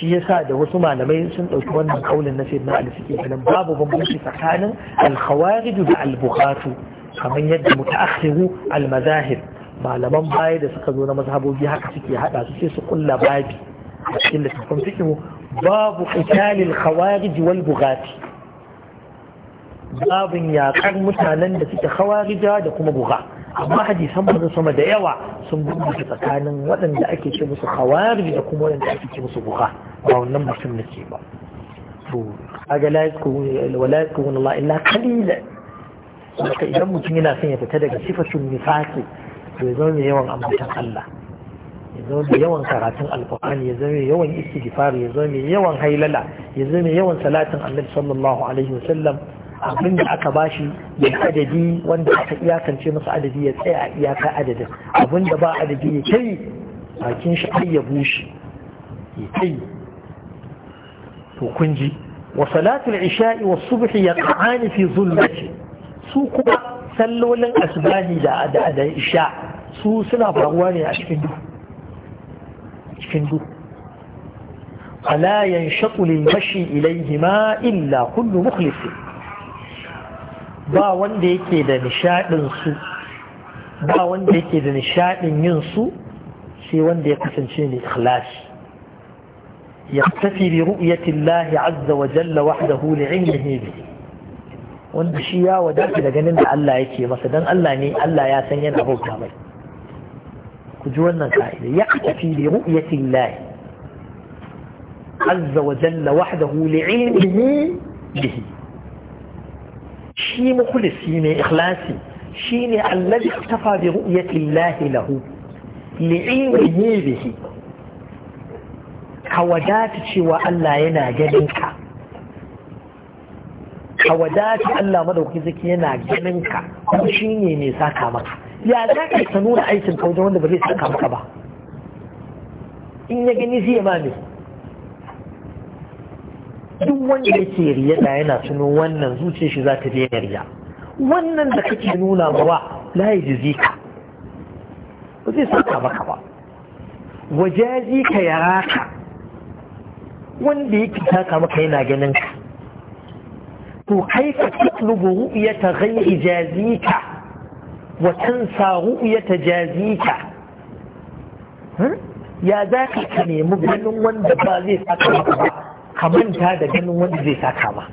shi yasa da wasu malamai sun ɗauki wannan kaulin na sayyidina ali suke ganin babu bambanci tsakanin al da al kamar yadda mutaakhiru almazahir malaman baya da suka zo na mazhabobi haka suke hada su sai su kulla babi a cikin littattafan babu qitalil khawarij wal bughati babin yaƙar mutanen da suke khawarija da kuma buga amma hadisan manzo sama da yawa sun bambanta tsakanin waɗanda ake ce musu khawarij da kuma waɗanda ake ce musu buga ba wannan mutum nake ba to kaga la yakunu wala yakunu Allah illa qalilan saboda idan mutum yana son ya fita daga sifatun nifaqi to ya zama mai yawan ambatan Allah ya zama yawan karatun alqur'ani ya zama yawan istighfar ya zama yawan hailala ya zama mai yawan salatin annabi sallallahu alaihi wasallam abin da aka bashi ya adadi wanda aka iyakance masa adadi ya tsaya a iyaka adadin abin da ba adadi ya kai bakin shi ai ya bushe ya kai to kun ji wa salatul isha'i was subhi ta'ani fi zulmati su kuma sallolin asbahi da adadin isha su suna faruwa ne a cikin duhu cikin duhu فلا ينشط للمشي إليهما إلا كل مخلص ba wanda yake da nishadin su ba wanda yake da nishadin yin sai wanda ya kasance ne ikhlasi tafi bi ru'yati Allah azza wa jalla wahdahu li 'ilmihi bi wanda shi ya wadata da ganin da Allah yake masa dan Allah ne Allah ya san yana bauta mai ku ji wannan ka'ida tafi bi ru'yati Allah azza wa jalla wahdahu li 'ilmihi bihi shi mukulisi ne ikhlasi shine alladhi iktafa bi ru'yati lahi lahu li'ilmihi bihi ka wadata cewa Allah yana ganin ka ka wadata Allah madauki zaki yana ganin ka kuma shine ne saka maka ya za ka nuna aikin ka wajen wanda ba zai saka maka ba in ya gani zai ma ne duk wanda yake riya da yana tuno wannan zuciyar shi za ta daina riya wannan da kake nuna ma ba la yajzi zika ba zai saka maka ba wajazi ka raka wanda yake saka maka yana ganin ka to kai ka tatlubu ru'yata ghayri jazika wa tansa ru'yata jazika hmm? ya za ka nemi ganin wanda ba zai saka maka ba ka manta da ganin wanda zai saka ba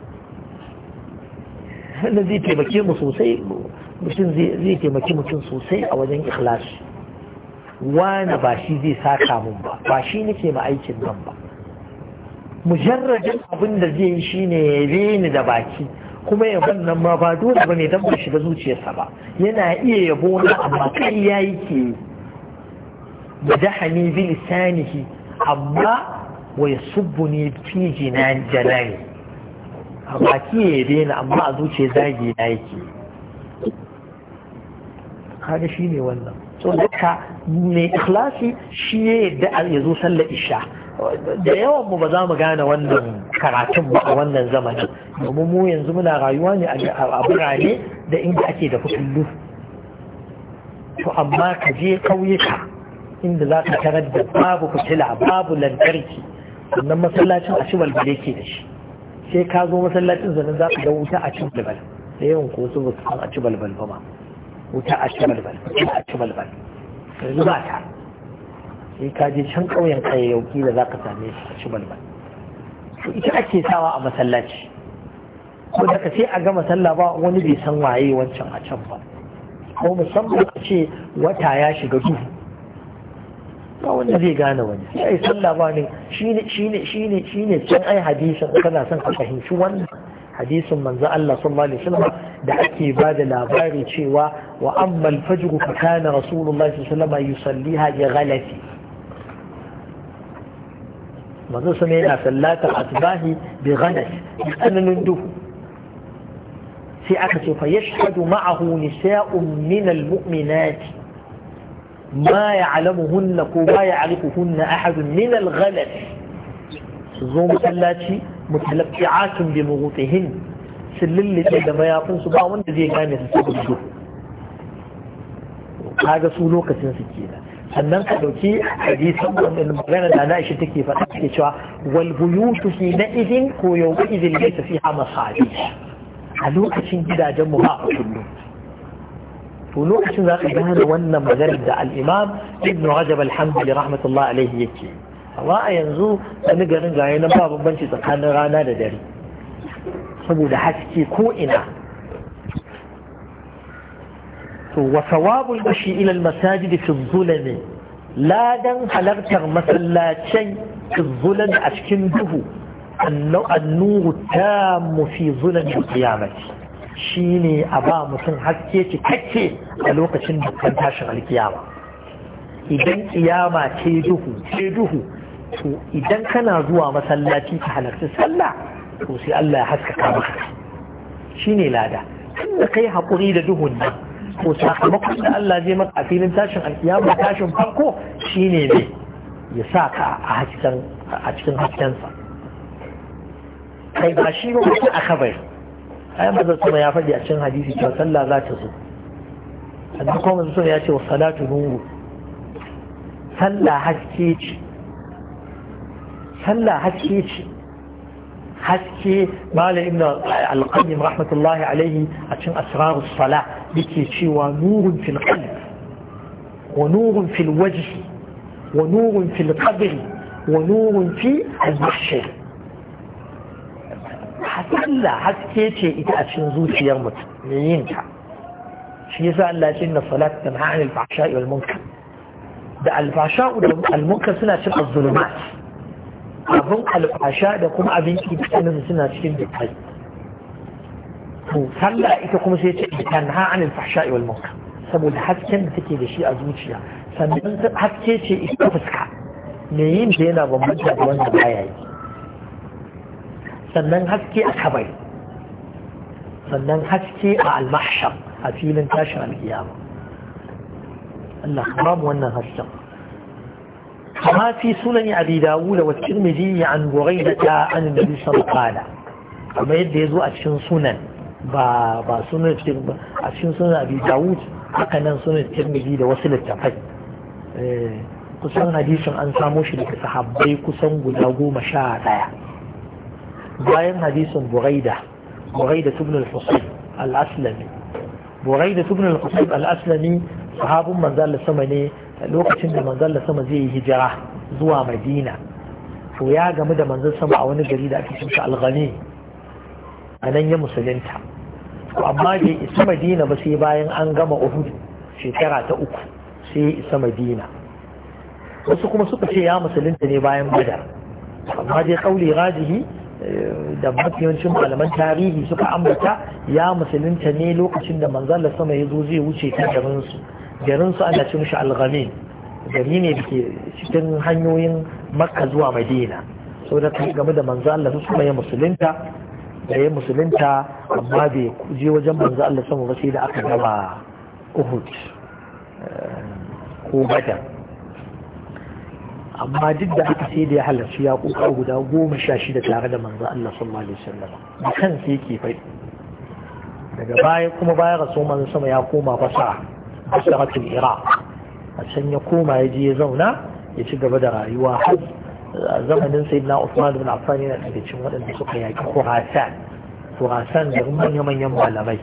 wanda zai taimake mu sosai mutum zai taimake mutum sosai a wajen ikhlasi wane ba shi zai saka mun ba ba shi nake ma aikin nan ba mujarradin abin da zai yi shine ya reni da baki kuma ya ban nan ma ba dole ba ne don ba shiga zuciyarsa ba yana iya yabo na amma kai ya yi ke da dahani bi amma Wai subu ne fi a baki ya daina amma a zuciya zagi na yake kada shi ne wannan so duka mai ikhlasi shi ya yadda ya zo sallar isha da yawan mu ba za mu gane wannan karatun ba a wannan zamanin domin mu yanzu muna rayuwa ne a birane da inda ake da fitullu to amma ka je ƙauyuka inda za ka tarar da babu fitila babu lantarki sannan masallacin a cibal bale yake da shi sai ka zo masallacin sannan za ka ga wuta a cibal bale da yawan ko su ba su san a cibal bale ba ma wuta a cibal bale wuta a cibal bal yanzu ba ta sai ka je can ƙauyen kayayyauki da za ka same shi a cibal bale to ita ake sawa a masallaci ko da ka sai a gama sallah ba wani bai san waye wancan a can ba ko musamman a ce wata ya shiga duhu ba wanda zai gane wani sai ai sallah ba ne shine shine shine shine can ai hadisin kana son ka fahimci wannan hadisin manzo Allah sallallahu alaihi wasallam da ake ba da labari cewa wa amma al-fajr fa kana rasulullahi sallallahu alaihi wasallam yusalliha bi ghalati manzo sun yana sallatar asbahi bi ghalati tsananin duhu sai aka ce fa yashhadu ma'ahu nisa'un min al-mu'minati ma ya'lamuhunna ko ma ya'rifuhunna ahadun min suzo ghalat su zo masallaci mutalaffi'atun bi mughutihin sun lullube da mayafin su ba wanda zai gane su saboda su kaga su lokacin su kenan sannan ka dauki hadisan wannan magana da na shi take faɗa take cewa wal buyutu fi na idin ko yau idin laysa fiha masajid a lokacin gidajen mu ba kullu to lokacin za ka gane wannan maganar da al'imam ibn rajab alhamdulillah rahmatullah alaihi yake amma a yanzu wani garin gaya na ba bambanci tsakanin rana da dare saboda haske ko ina to wa sawabul bashi ila almasajid fi zulami ladan halartar masallacin fi a cikin duhu annuru tammu fi zulami qiyamati Shi ne a ba mutum haske cikakke a lokacin dukkan tashin alkiyama idan kiyama ce duhu ce duhu to idan kana zuwa masallaci ka halarci sallah to sai Allah ya haskaka maka shi ne lada tunda kai hakuri da duhun nan to sakamakon da Allah zai maka a filin tashin alkiyama tashin farko shi ne ya sa ka a cikin haskensa kai ba shi ba a kabari ai manzo sama ya faɗi a cikin hadisi cewa sallah za ta zo sannan kuma sama ya ce wa salatu nuru sallah haske ce sallah haske ce haske malam ibn al-qayyim rahmatullahi alaihi a cikin asrarus sala yake cewa nurun fil qalb wa nurun fil wajhi wa nurun fil qabri wa nurun fi al-mahshar Allah haske ce ita a cikin zuciyar mutum ne yin ta shi yasa Allah ce inna salat tanha anil fahsha'i wal munkar da alfasha da almunkar suna cin azzulumat abin alfasha da kuma abin kitanin suna cikin dukkan to sallah ita kuma sai ce tanha anil fahsha'i wal munkar saboda hasken da take da shi a zuciya sannan haske ce ita fuska me yin da yana bambanta da wanda baya yi sannan haske a kabai sannan haske a almahshar a filin tashin alkiyama Allah haram wannan hasken kama fi sunan abi dawud wa tirmidhi an buraida an annabi sallallahu alaihi wasallam yadda zo a cikin sunan ba ba sunan a cikin sunan abi dawud haka nan sunan tirmidhi da wasu littafai eh, kusan hadisin an samo shi daga sahabbai kusan guda goma sha ɗaya bayan hadisin buraida buraida ibn al-husayb al-aslami buraida ibn al-husayb al-aslami sahabun manzal sama ne lokacin da manzal sama zai yi hijira zuwa madina to ya gamu da manzal sama a wani gari da ake cin al-ghani a nan ya musulunta to amma bai isa madina ba sai bayan an gama uhud shekara ta uku sai ya isa madina wasu kuma suka ce ya musulunta ne bayan badar amma dai kauli rajihi da mafi mafiyancin malaman tarihi suka ambata ya musulunta ne lokacin da manzala sama ya zo zai wuce ta garinsu garinsu ana cin shi alghamin gari ne da ke cikin hanyoyin makka zuwa madina So, da game da manzala su suka ya musulunta da ya musulunta amma bai je wajen manzala sama ba sai da aka gaba uhud eh, ko badar amma duk da aka sai da ya halarci ya kuka guda goma sha shida tare da manzo Allah sallallahu alaihi wasallam da kansa yake faɗi daga baya kuma baya rasu manzo sama ya koma fasa basaratul ira a can ya koma ya je ya zauna ya ci gaba da rayuwa har zamanin sayyidina Usman ibn Affan yana daga cikin waɗanda suka yaki Khurasan Khurasan da manyan manyan malamai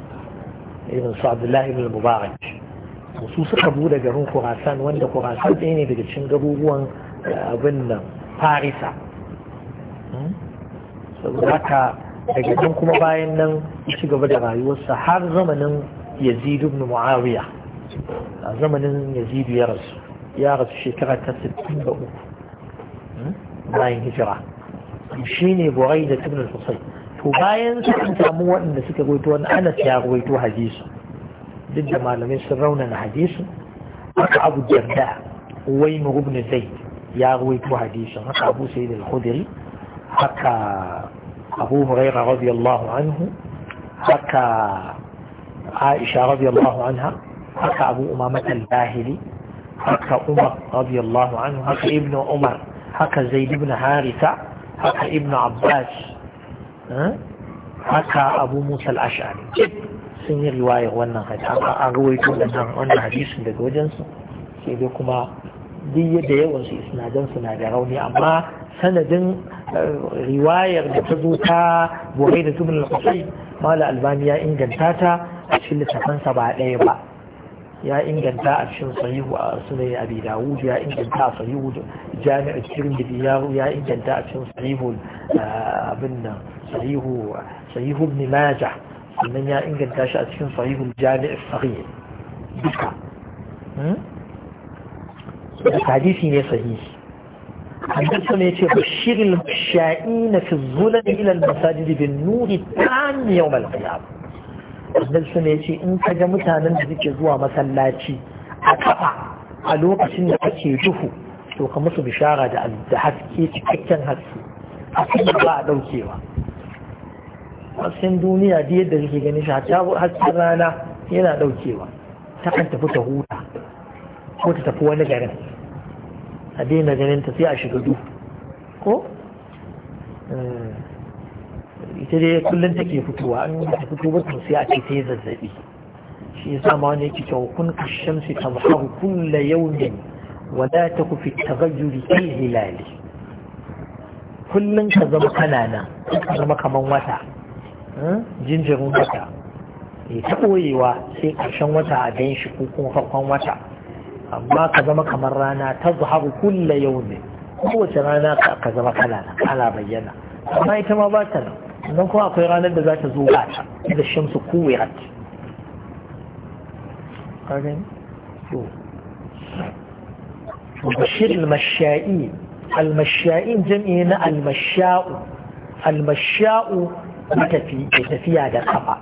irin su Abdullahi ibn Mubarak su suka bude garin Khurasan wanda Khurasan ɗaya ne daga cikin garuruwan abin nan farisa hmm? saboda haka daga can kuma bayan nan ci gaba da rayuwarsa har zamanin yazid ibn muawiya a zamanin yazid ya rasu ya rasu shekara ta 63 hmm? bayan hijira shi ne burai da ibn sosai? to bayan sun samu waɗanda suka goito wani anas ya goito hadisu duk da malamai sun raunana hadisu aka abu jarda wai mu ibn zai ya ruwaito hadisin haka abu sayyid al-khudri haka abu huraira radiyallahu anhu haka aisha radiyallahu anha haka abu umama al-bahili haka umar radiyallahu anhu haka ibn umar haka zaid ibn harisa haka ibn abbas eh? haka abu musa al-ash'ari sun yi riwayar wannan hadisi an ruwaito wannan hadisin daga wajensu sai dai kuma duk da yawansu su isnadan suna da rauni amma sanadin eh, riwayar da ta zo ta borai da tubin al-qasai mala albani ya inganta ta a cikin littafansa ba ɗaya ba ya inganta a cikin sahihu a sunan abi dawud ya inganta a sahihu jami'u tirmidhi ya inganta a cikin sahihu eh, abin nan sahihu sahihu ibn majah sannan ya inganta shi a cikin sahihu jami'u sahih duka hmm? da hadisi ne sahihi hadisi kuma yace bashirul musha'in fi zulal ila al masajid bin nur tam yawm al qiyam hadisi kuma yace in kaga mutanen da suke zuwa masallaci a kafa a lokacin da kake duhu to ka musu bishara da da haske cikakken haske a cikin ba a daukewa wasan duniya da yadda yake gani shi a rana yana ɗaukewa, ta kan tafi ta huta ko ta tafi wani garin a daina ganin ta sai a shiga du ko eh, ita dai kullum take fitowa an yi ta fito ba sai a ce ta yi zazzabi shi ya ma wani yake kyau kun kashin su ta maharu kulla ne wala ta ku fi tagayyuri kai hilali kullum ka zama kanana ka zama kaman wata eh, jinjirin wata ya taɓoyewa sai ƙarshen wata a gan shi ko kuma farkon wata amma ka zama kamar rana ta zuhabu kulle yau ne kowace rana ka zama kala kala bayyana amma ita ma ba ta nan nan kuma akwai ranar da za ta zo ba ta da shamsu kuwirat kagani to bashir al-mashai al-mashai jami'i na al-masha'u al-masha'u tafiya da kafa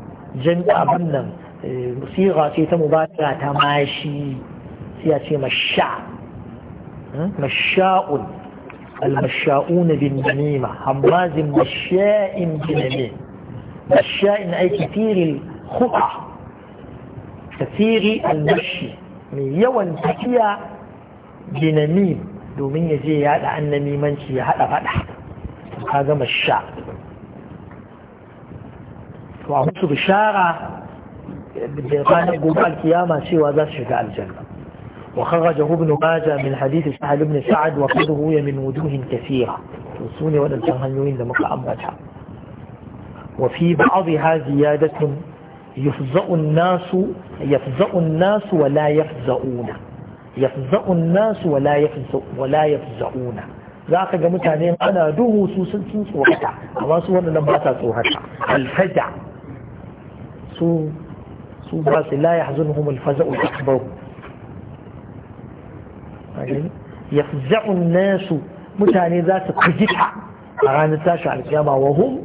jami'a abin nan musiga eh, ce ta mubata ta mashi ي أ ت ي مشاء مشاء المشاءون ب ا ل مشاء بنميم مشاء أ كثير الخطا كثير المشي من يوم تكيا بنميم دومين يزيد هذا ان نميمان شيا هذا فتح هذا مشاء وعمت بشاره بالقران القبال كياما سوى ذا شفاء ا وخرجه ابن ماجه من حديث سهل بن سعد وقد روي من وجوه كثيرة وسوني ولا تنهيوين لما قعمتها وفي بعضها زيادة يفزأ الناس يفزأ الناس ولا يفزؤون يفزأ الناس ولا يفزأ ولا يفزؤون ذاك ga mutane ana duhu سوس sun tsorata amma su wannan ba sa tsorata سو su su ba su la yahzunuhum yafza'un nasu mutane za su firgita a ranar tashi alkiyama wa hum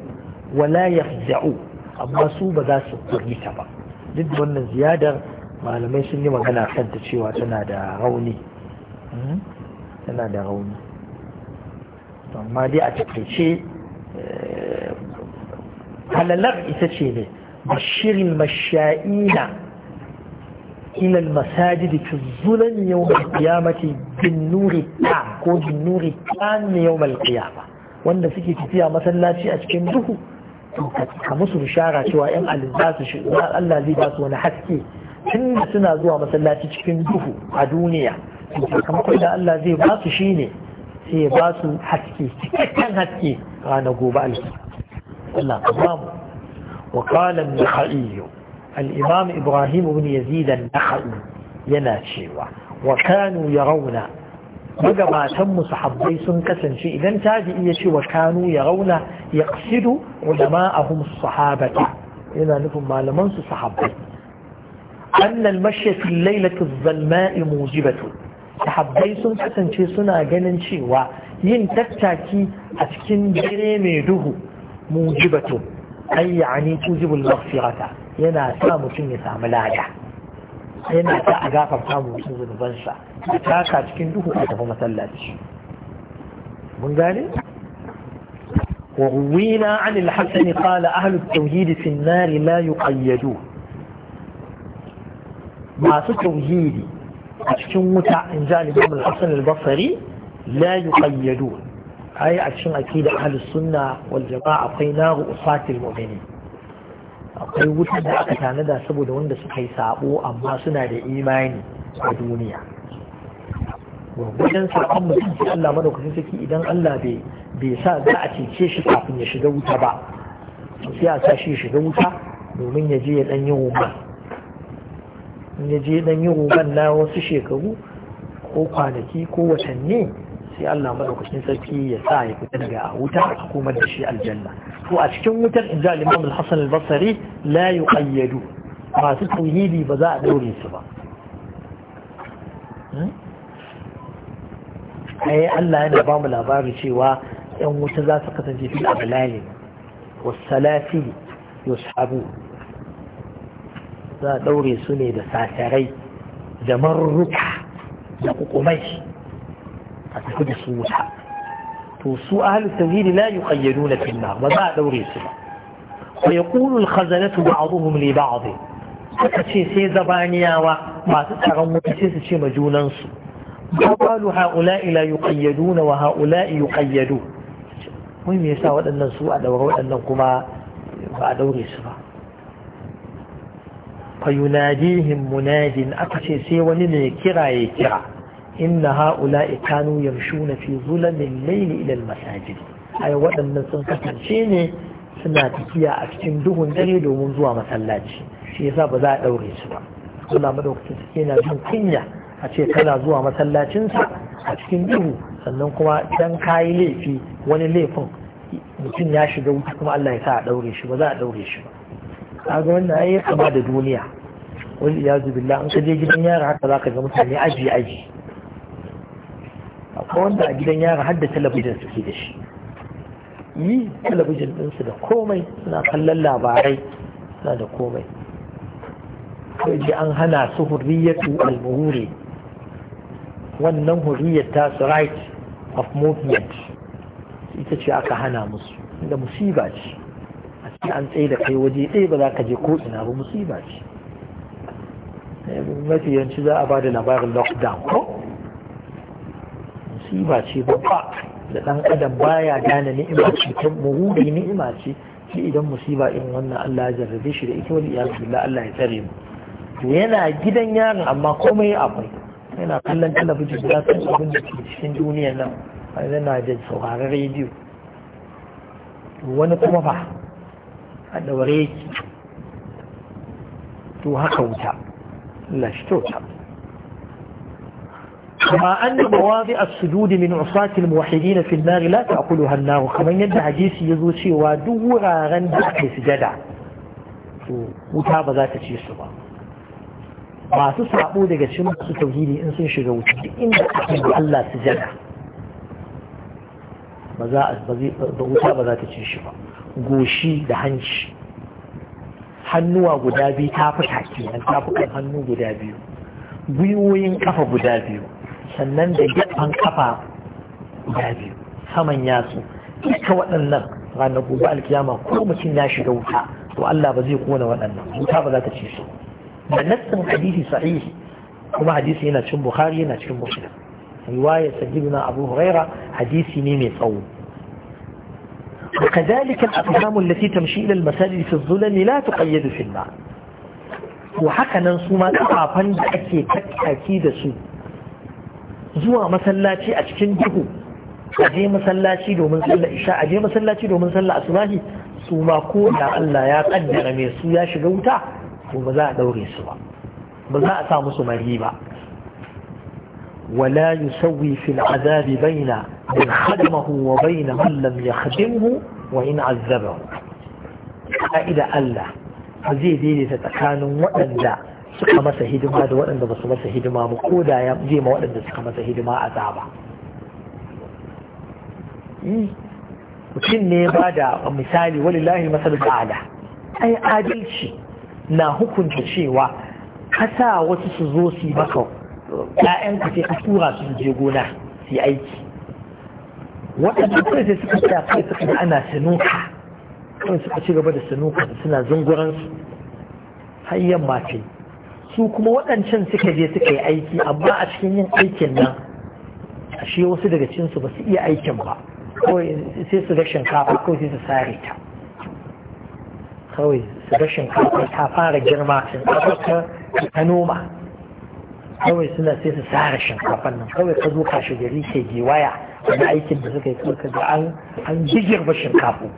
wala yafza'u amma su ba za su firgita ba duk wannan ziyadar malamai sun yi magana kanta cewa tana da rauni hmm? tana da rauni amma dai a takaice eh, halalar ita ce ne bashirin masha'ina إلى المساجد في الظلم يوم القيامة بالنور التام كو بالنور التام يوم القيامة وأن سكي تفيها مثلا شيء أشكين له كمس بشارة شوى إن الإنساس الله زي باس وانا حسكي tun suna zuwa masallaci cikin duhu a duniya sakamakon da Allah zai ba su shine sai ya ba su haske cikakken haske ranar gobe alki Allah mu الإمام إبراهيم بن يزيد النخل يناتشيوا وكانوا يرون بقما تم صحبي سنكسن شيء إذن تاجي يشي وكانوا يرون يقصد علماءهم الصحابة إذا نفهم ما لمنس صحبي أن المشي في الليلة الظلماء موجبة صحبي سنكسن شيء سنا شيء وين تكتاكي أتكن جريمي دهو موجبة أي يعني توجب المغفرة yana sa mutum ya samu lada yana sa a gafarta mutum zunubansa a taka cikin duhu a tafi masallaci mun gane وروينا عن الحسن قال أهل التوحيد في النار لا يقيدون ما توحيدي أشكم متع إن جانب الحسن البصري لا يقيدون أي أشكم أكيد أهل السنة والجماعة في نار أصاة المؤمنين akwai wuta da aka tanada saboda wanda suka yi sabo amma suna da imani a duniya wajen sakon mutum sai Allah madaukakin saki idan Allah bai sa za a cece shi kafin ya shiga wuta ba sai a sa shi shiga wuta domin ya je ya dan yi roman in ya je dan yi roman na wasu shekaru ko kwanaki ko watanni sai Allah madaukakin sarki ya sa ya fita daga wuta a hukumar da shi aljanna to a cikin wutar inda Imam Al-Hasan Al-Basri la yuqayyadu masu tauhidi ba za a ɗaure su ba hmm? ai Allah yana ba mu labari cewa yan wuta za su kasance fil ablali wasalafi yushabu za a daure su ne da satarai da marruka da kukumai a tafi da su wuta to su ahlus tauhidi la yi yuqayyaduna na nar ba za a daure su ba wa yaqulu al khazanatu ba'dhum li ba'd suka ce sai zabaniyawa masu tsaron wuta sai su ce ma junan su qalu haula'i la yuqayyaduna wa haula'i yuqayyadu wai me yasa waɗannan su a daura waɗannan kuma ba a daure su ba fa yunadihim munadin aka ce sai wani ne kira ya kira inna ha'ula ita nuyar fi zulamin layli ila al-masajid ai waɗannan sun kasance ne suna tafiya a cikin duhun dare domin zuwa masallaci shi yasa ba za a ɗaure su ba Allah madaukakin sarki yana jin kunya a ce kana zuwa masallacinsa a cikin duhu sannan kuma dan kayi laifi wani laifin mutum ya shiga wuta kuma Allah ya sa a ɗaure shi ba za a shi ba kaga wannan ai kama da duniya wal iyazu billah an ka je gidan yari haka za zaka ga mutane aji aji akwai wanda a gidan yara hadda talabijin suke da shi yi talabijin ɗinsu da komai suna kallon labarai suna da komai sai ji an hana su hurriyatu al-muhuri wannan hurriyar ta su right of movement ita ce aka hana musu da musiba ce a cikin an tsaye da kai waje ɗaya ba za ka je ko ina ba musiba ce eh, mafi yanci za a ba da labarin lockdown ko ba ce ba da ɗan adam baya gane ni'ima ce ta muhuri ni'ima ce shi idan musiba in wannan Allah ya jarrabe shi da ita wani iyaz billah Allah ya tsare mu to yana gidan yaron amma komai akwai yana kallon talabijin da san abin da ke cikin duniyar nan yana da sauraron rediyo wani kuma ba a ɗaure yake to haka wuta Allah shi ta. كما أن مواضع السجود من عصاة الموحدين في النار لا تأكلها النار كما يدى حديث يزوشي ودورا غندا سجدا متابة ذات الشيء masu sabo daga cikin masu tauhidi in sun shiga wuta duk inda aka yi Allah su jana a wuta ba za ta ci ba goshi da hanci hannuwa guda biyu ta fi taki an tafukan hannu guda biyu gwiwoyin kafa guda biyu sannan da gaban kafa guda biyu saman yasu duka waɗannan ranar gobe alkiyama ko mutum ya shiga wuta to Allah ba zai kona waɗannan wuta ba za ta ci su da nassin hadisi sahihi kuma hadisi yana cikin bukhari yana cikin muslim riwaya sajiduna abu huraira hadisi ne mai tsawo وكذلك الأقدام التي تمشي إلى المساجد في الظلم لا تقيد في الماء وحكى ننصوما أقافا أكيد أكيد سوء zuwa masallaci a cikin duhu a je masallaci domin sallah isha a je masallaci domin sallah asubahi su ma ko da Allah ya kaddara mai su ya shiga wuta to ba za a daure su ba ba za a sa musu mari ba wala yusawwi fil azabi baina man khadamahu wa baina man lam yakhdimhu wa in azzabahu ka'ida Allah ba zai daidaita tsakanin waɗanda suka masa hidima da waɗanda ba su masa hidima ba ko da ya je ma waɗanda suka masa hidima zaba. Hmm. mutum ne ba da misali walillahi masal ta'ala ai adalci na hukunta cewa kasa wasu su zo su maka ƴaƴan ka sai tura su je gona su aiki waɗanda kawai sai suka tsaya kai suka ana sanuka kawai suka ci gaba da sanuka suna zunguransu har yamma ce su kuma waɗancan suka je suka yi aiki amma a cikin yin aikin nan a shi wasu daga cinsu ba su iya aikin ba kawai sai su ga shinkafa ko sai su sare ta kawai su ga shinkafa ta fara girma shinkafa ta noma kawai suna sai su sare shinkafan nan kawai ka zo kashi gari ke giwaya wani aikin da suka yi kuma ga an jigirba shinkafu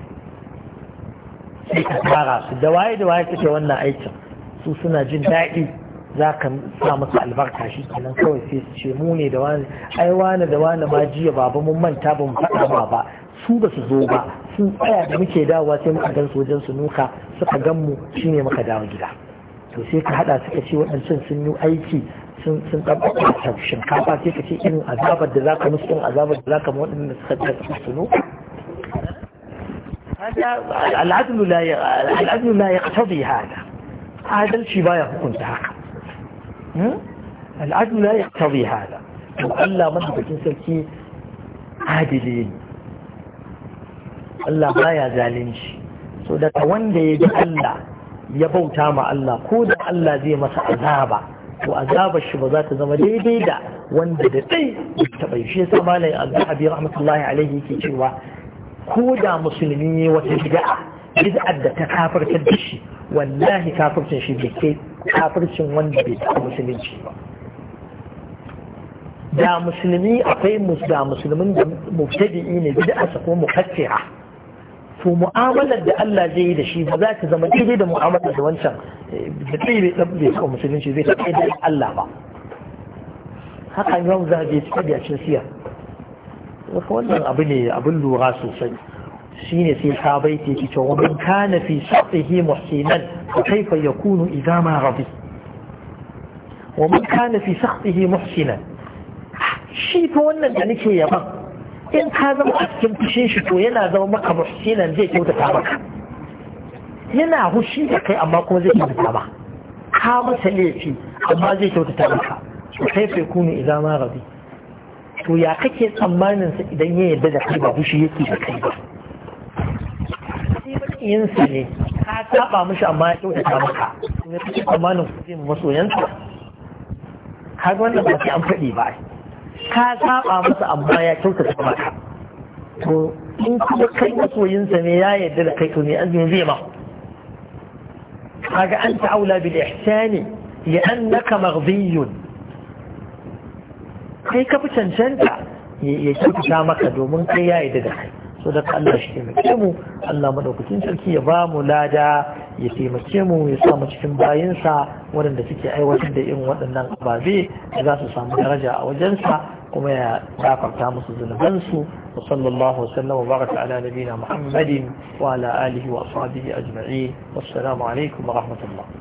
sai ka fara su da waye da waye suke wannan aikin su suna jin daɗi za ka sa musu albarka shi kenan kawai sai su ce mu ne da wani ai wani da wani ma jiya ba mun manta ba mu faɗa ma ba su ba su zo ba sun tsaya da muke dawowa sai muka gan sojan su nuka suka gan mu shine muka dawo gida to sai ka hada suka ce waɗancan sun yi aiki sun sun dan ta shinkafa sai ka ce irin azabar da zaka musu irin azabar da za ka mu waɗannan suka tsaya su nuka العدل لا ya لا يقتضي هذا عادل شي بايا كنت هكذا العدل لا يقتضي هذا وألا من بكين سلكي عادلين Allah baya zalunci so daga wanda ya bi Allah ya bauta ma Allah ko da Allah zai masa azaba to azabar shi ba zata ta zama daidai da wanda da dai ta bai shi yasa malai azhabi rahmatullahi alaihi yake cewa ko da musulmi wata bid'a bid'ar da ta kafirtar da shi wallahi kafircin shi bai kafircin wanda bai taɓa musulunci ba da musulmi akwai da musulmin da mubtadi'i ne bid'a sa ko ha. to mu'amalar da Allah zai yi da shi ba za ta zama daidai da mu'amalar da wancan da zai bai tabbe ko musulunci zai ta kai da Allah ba haka yau za a je cikin Wasu wannan abu ne abin lura sosai Shi ne sai ka baiti ki cewa man kana fi shafihi muhsinan kaifa yakunu idza ma rabi. wa man kana fi shafihi muhsinan shi fa wannan da nake yaban in ka zama a cikin fushin shi to yana zama maka muhsinan zai kyautata maka yana hushi da kai amma kuma zai kyauta ba ka masa laifi amma zai kyauta ta maka to kaifa yakunu idza ma rabi. to ya kake tsammanin sa idan ya yarda da kai ba hushi yake da kai ba yinsa ne ka saba mishi amma ya kyautata maka ne kake tsammanin ku zai masoyansa ka ga wannan ba sai an faɗi ba ka saba masa amma ya kyautata maka to in kuma kai masoyinsa ne ya yarda da kai to ne azumi zai ma kaga an ta'aula bil ihsani ya annaka maghdiyun kai ka fi cancanta ya kyautata maka domin kai ya yarda da kai so da Allah shi taimake mu Allah madaukakin sarki ya ba mu lada ya taimake mu ya sa mu cikin bayinsa waɗanda suke aiwatar da irin waɗannan ababe za su samu daraja a wajensa kuma ya gafarta musu zunubansu wa sallallahu wasallam wa baraka ala nabina muhammadin wa ala alihi wa ashabihi ajma'in wassalamu alaikum wa rahmatullah